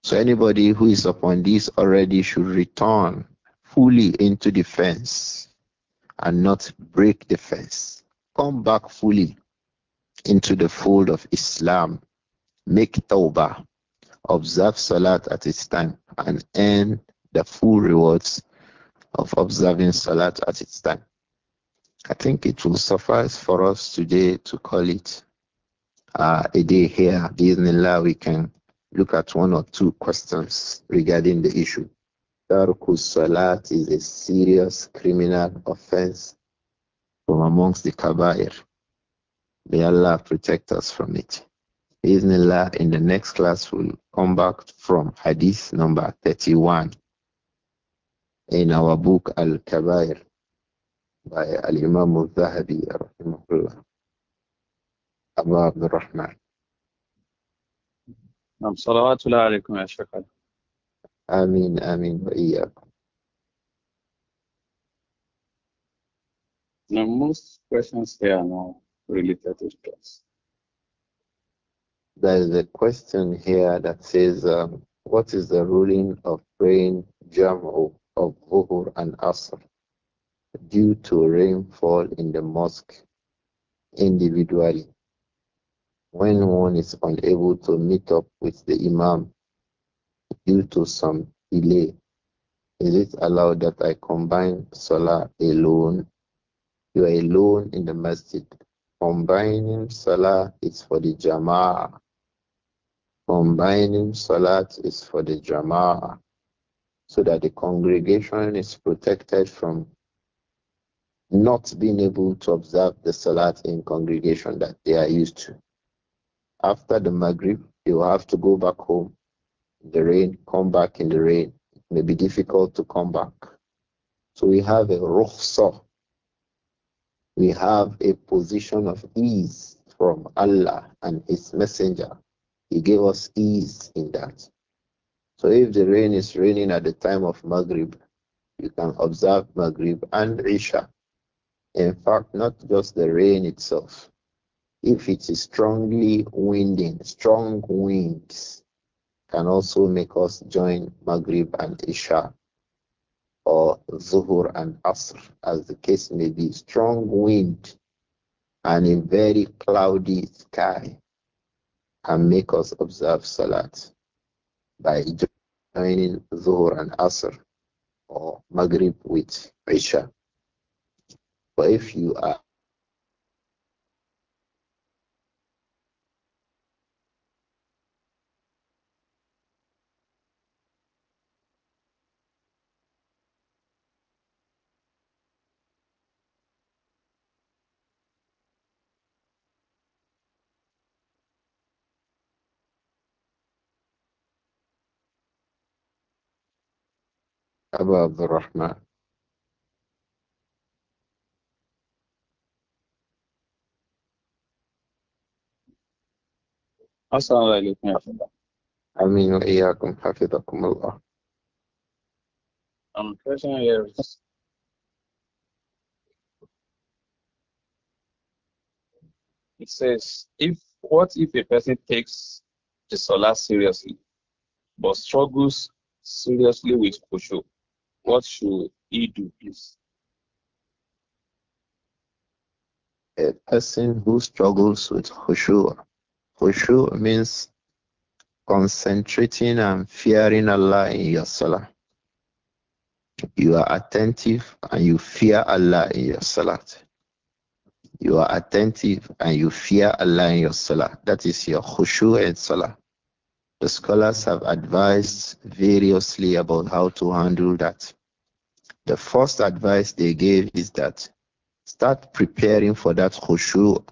So anybody who is upon this already should return fully into the fence and not break the fence. Come back fully into the fold of Islam. Make tawbah. Observe Salat at its time and earn the full rewards of observing Salat at its time. I think it will suffice for us today to call it uh, a day here. Bismillah, we can look at one or two questions regarding the issue. Tarkus Salat is a serious criminal offense from amongst the Kabair. May Allah protect us from it. Bismillah, in the next class, we'll come back from Hadith number 31 in our book Al Kabair by Al Imam al Zahabi, Abu Abdul نعم صلوات الله عليكم يا شيخ آمين آمين Now most questions here are now related to stress. There is a question here that says, um, what is the ruling of praying jamo of Zuhur and Asr due to rainfall in the mosque individually? when one is unable to meet up with the Imam due to some delay, is it allowed that I combine Salah alone? You are alone in the masjid. Combining Salah is for the Jama'ah. Combining Salat is for the Jama'ah so that the congregation is protected from not being able to observe the Salat in congregation that they are used to. After the Maghrib, you will have to go back home the rain, come back in the rain. It may be difficult to come back. So we have a rukhsah. We have a position of ease from Allah and His Messenger. He gave us ease in that. So if the rain is raining at the time of Maghrib, you can observe Maghrib and Isha. In fact, not just the rain itself, if it is strongly winding, strong winds can also make us join Maghrib and Isha or Zuhur and Asr, as the case may be. Strong wind and a very cloudy sky can make us observe Salat by joining Zuhur and Asr or Maghrib with Isha. But if you are أبا عبد الرحمن السلام عليكم الله آمين وإياكم حفظكم الله it says, if what if a person takes the salah seriously, but struggles seriously with kushu. What should he do, please? A person who struggles with khushu'. Khushu' means concentrating and fearing Allah in your salah. You are attentive and you fear Allah in your salah. You are attentive and you fear Allah in your salah. That is your khushu' and salah. The scholars have advised variously about how to handle that. The first advice they gave is that start preparing for that khushu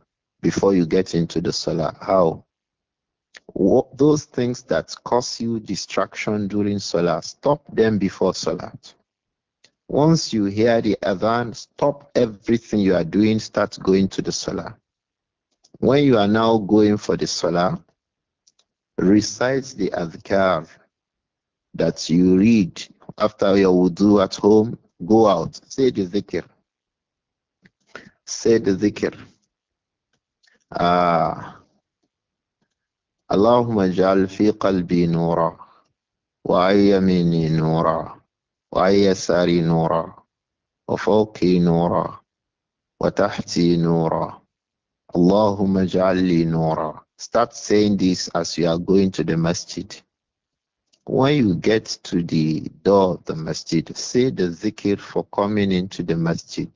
before you get into the salah. How? What, those things that cause you distraction during salah, stop them before salah. Once you hear the adhan, stop everything you are doing, start going to the salah. When you are now going for the salah, recite the adhkar that you read after your wudu at home, go out. Say the zikr. Say the zikr. Ah. Allahumma jal fi qalbi nura. Wa ayyamini nura. Wa ayyasari nura. Wa fawki nura. Wa tahti nura. Allahumma jal li nura. Start saying this as you are going to the masjid. When you get to the door of the masjid, say the zikr for coming into the masjid.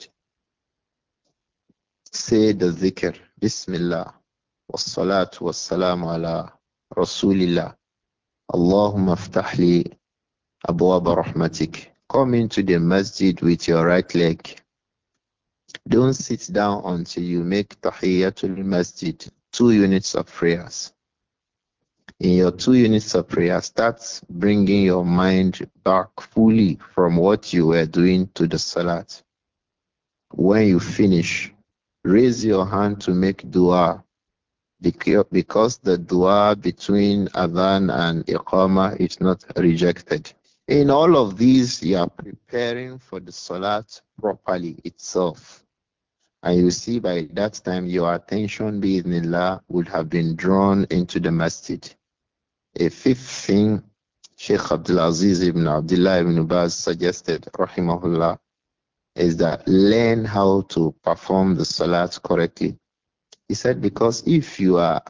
Say the zikr, Bismillah, wa salam ala Rasulillah. Allahumma ftahli abwaba rahmatik. Come into the masjid with your right leg. Don't sit down until you make tahiyatul masjid, two units of prayers in your two units of prayer, start bringing your mind back fully from what you were doing to the salat. When you finish, raise your hand to make dua because the dua between adhan and iqama is not rejected. In all of these, you are preparing for the salat properly itself. And you see by that time your attention, bi'idhnillah, would have been drawn into the masjid. A fifth thing Sheikh Abdulaziz ibn Abdullah ibn Baz suggested, rahimahullah, is that learn how to perform the salat correctly. He said, because if you are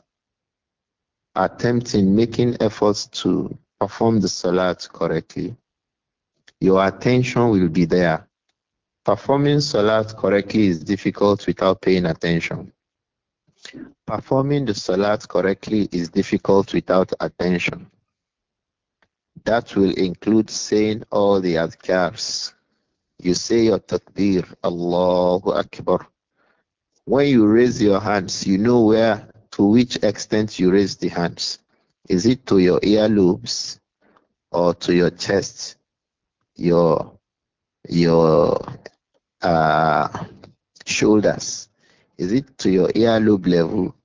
attempting, making efforts to perform the salat correctly, your attention will be there. Performing salat correctly is difficult without paying attention. Performing the salat correctly is difficult without attention. That will include saying all the adhkars. You say your takbir, Allahu Akbar. When you raise your hands, you know where to which extent you raise the hands. Is it to your earlobes or to your chest, your your uh, shoulders, is it to your earlobe level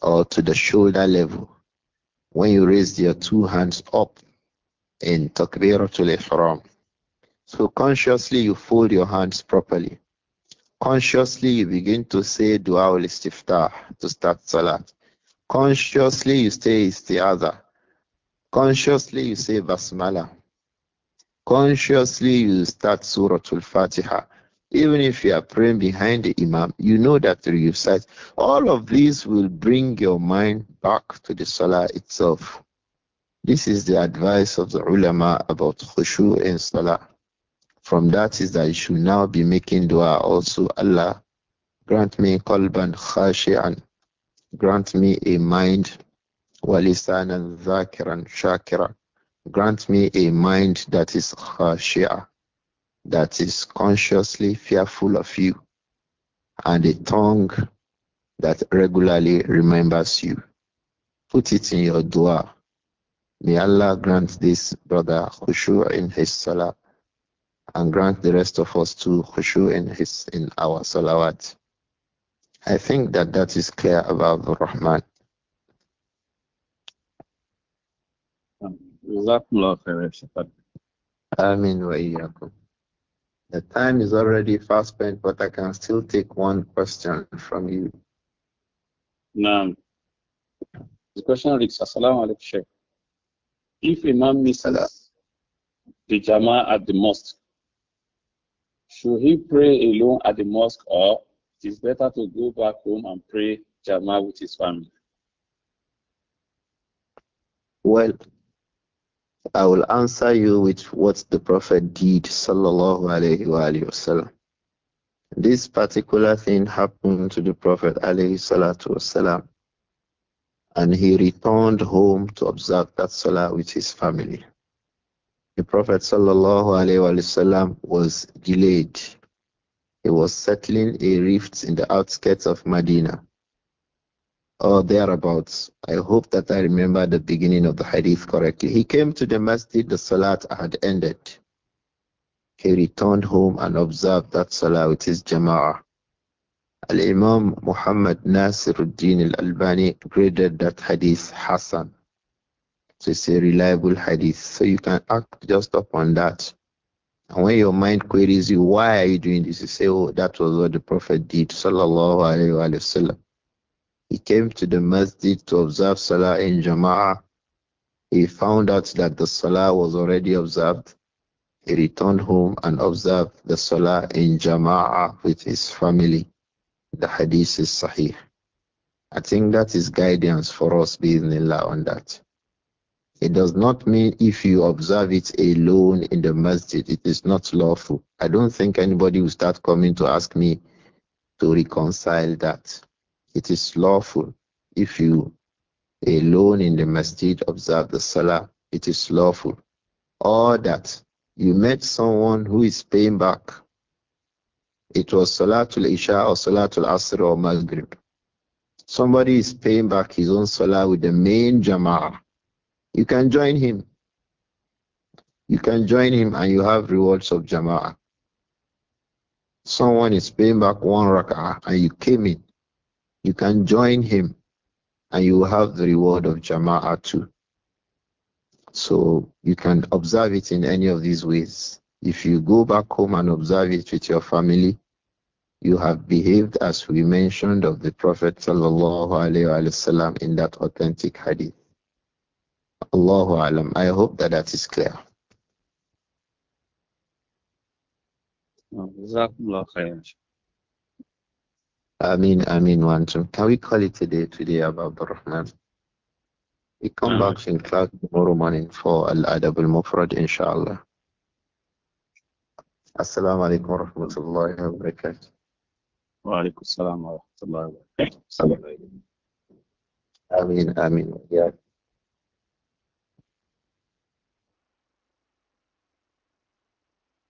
or to the shoulder level? When you raise your two hands up in Takbiratul Ihram. So consciously you fold your hands properly. Consciously you begin to say dua al istiftah to start salat. Consciously you say istiaza. Consciously you say basmala. Consciously you start suratul fatiha even if you are praying behind the imam, you know that the recite. All of these will bring your mind back to the salah itself. This is the advice of the ulama about khushu and salah. From that is that you should now be making dua also. Allah, grant me qalban khashi'an. Grant me a mind walisanan zakiran shakira. Grant me a mind that is khashi'ah that is consciously fearful of you and a tongue that regularly remembers you. Put it in your dua. May Allah grant this brother khushu in his salah and grant the rest of us to khushu in his in our salawat. I think that that is clear about the Rahman. جزاكم الله خير the time is already fast spent, but I can still take one question from you. No. The question is: Assalamu alaikum, Sheikh. If Imam misses the Jama at the mosque, should he pray alone at the mosque or it is better to go back home and pray Jama with his family? Well, I will answer you with what the Prophet did, sallallahu alayhi this particular thing happened to the Prophet alayhi salatu wasalam, and he returned home to observe that salah with his family. The Prophet sallallahu alayhi wasallam was delayed. He was settling a rift in the outskirts of Medina or thereabouts. I hope that I remember the beginning of the hadith correctly. He came to the masjid, the salat had ended. He returned home and observed that salah with his jama'ah. Al Imam Muhammad Nasiruddin al Albani graded that hadith Hassan. So it's a reliable hadith. So you can act just upon that. And when your mind queries you, why are you doing this? You say, oh, that was what the Prophet did. Sallallahu Alaihi Wasallam. He came to the masjid to observe Salah in Jama'ah. He found out that the Salah was already observed. He returned home and observed the Salah in Jama'ah with his family. The hadith is sahih. I think that is guidance for us, bismillah, on that. It does not mean if you observe it alone in the masjid, it is not lawful. I don't think anybody will start coming to ask me to reconcile that. It is lawful if you alone in the masjid observe the salah. It is lawful. Or that you met someone who is paying back. It was Salatul Isha or Salatul Asr or Maghrib. Somebody is paying back his own salah with the main jama'ah. You can join him. You can join him and you have rewards of jama'ah. Someone is paying back one rak'ah and you came in. You can join him and you will have the reward of Jama'ah too. So you can observe it in any of these ways. If you go back home and observe it with your family, you have behaved as we mentioned of the Prophet sallallahu وسلم, in that authentic hadith. Allahu Alam. I hope that that is clear. جزاكم I mean, I mean, one two. Can we call it today, today about the Rahman? We come uh, back in class tomorrow morning for Al Adab al Mufrad, inshallah. Assalamu alaikum wa rahmatullahi wa barakatuh. Wa alaikum assalam wa rahmatullahi wa barakatuh. Ameen, ameen. Yeah.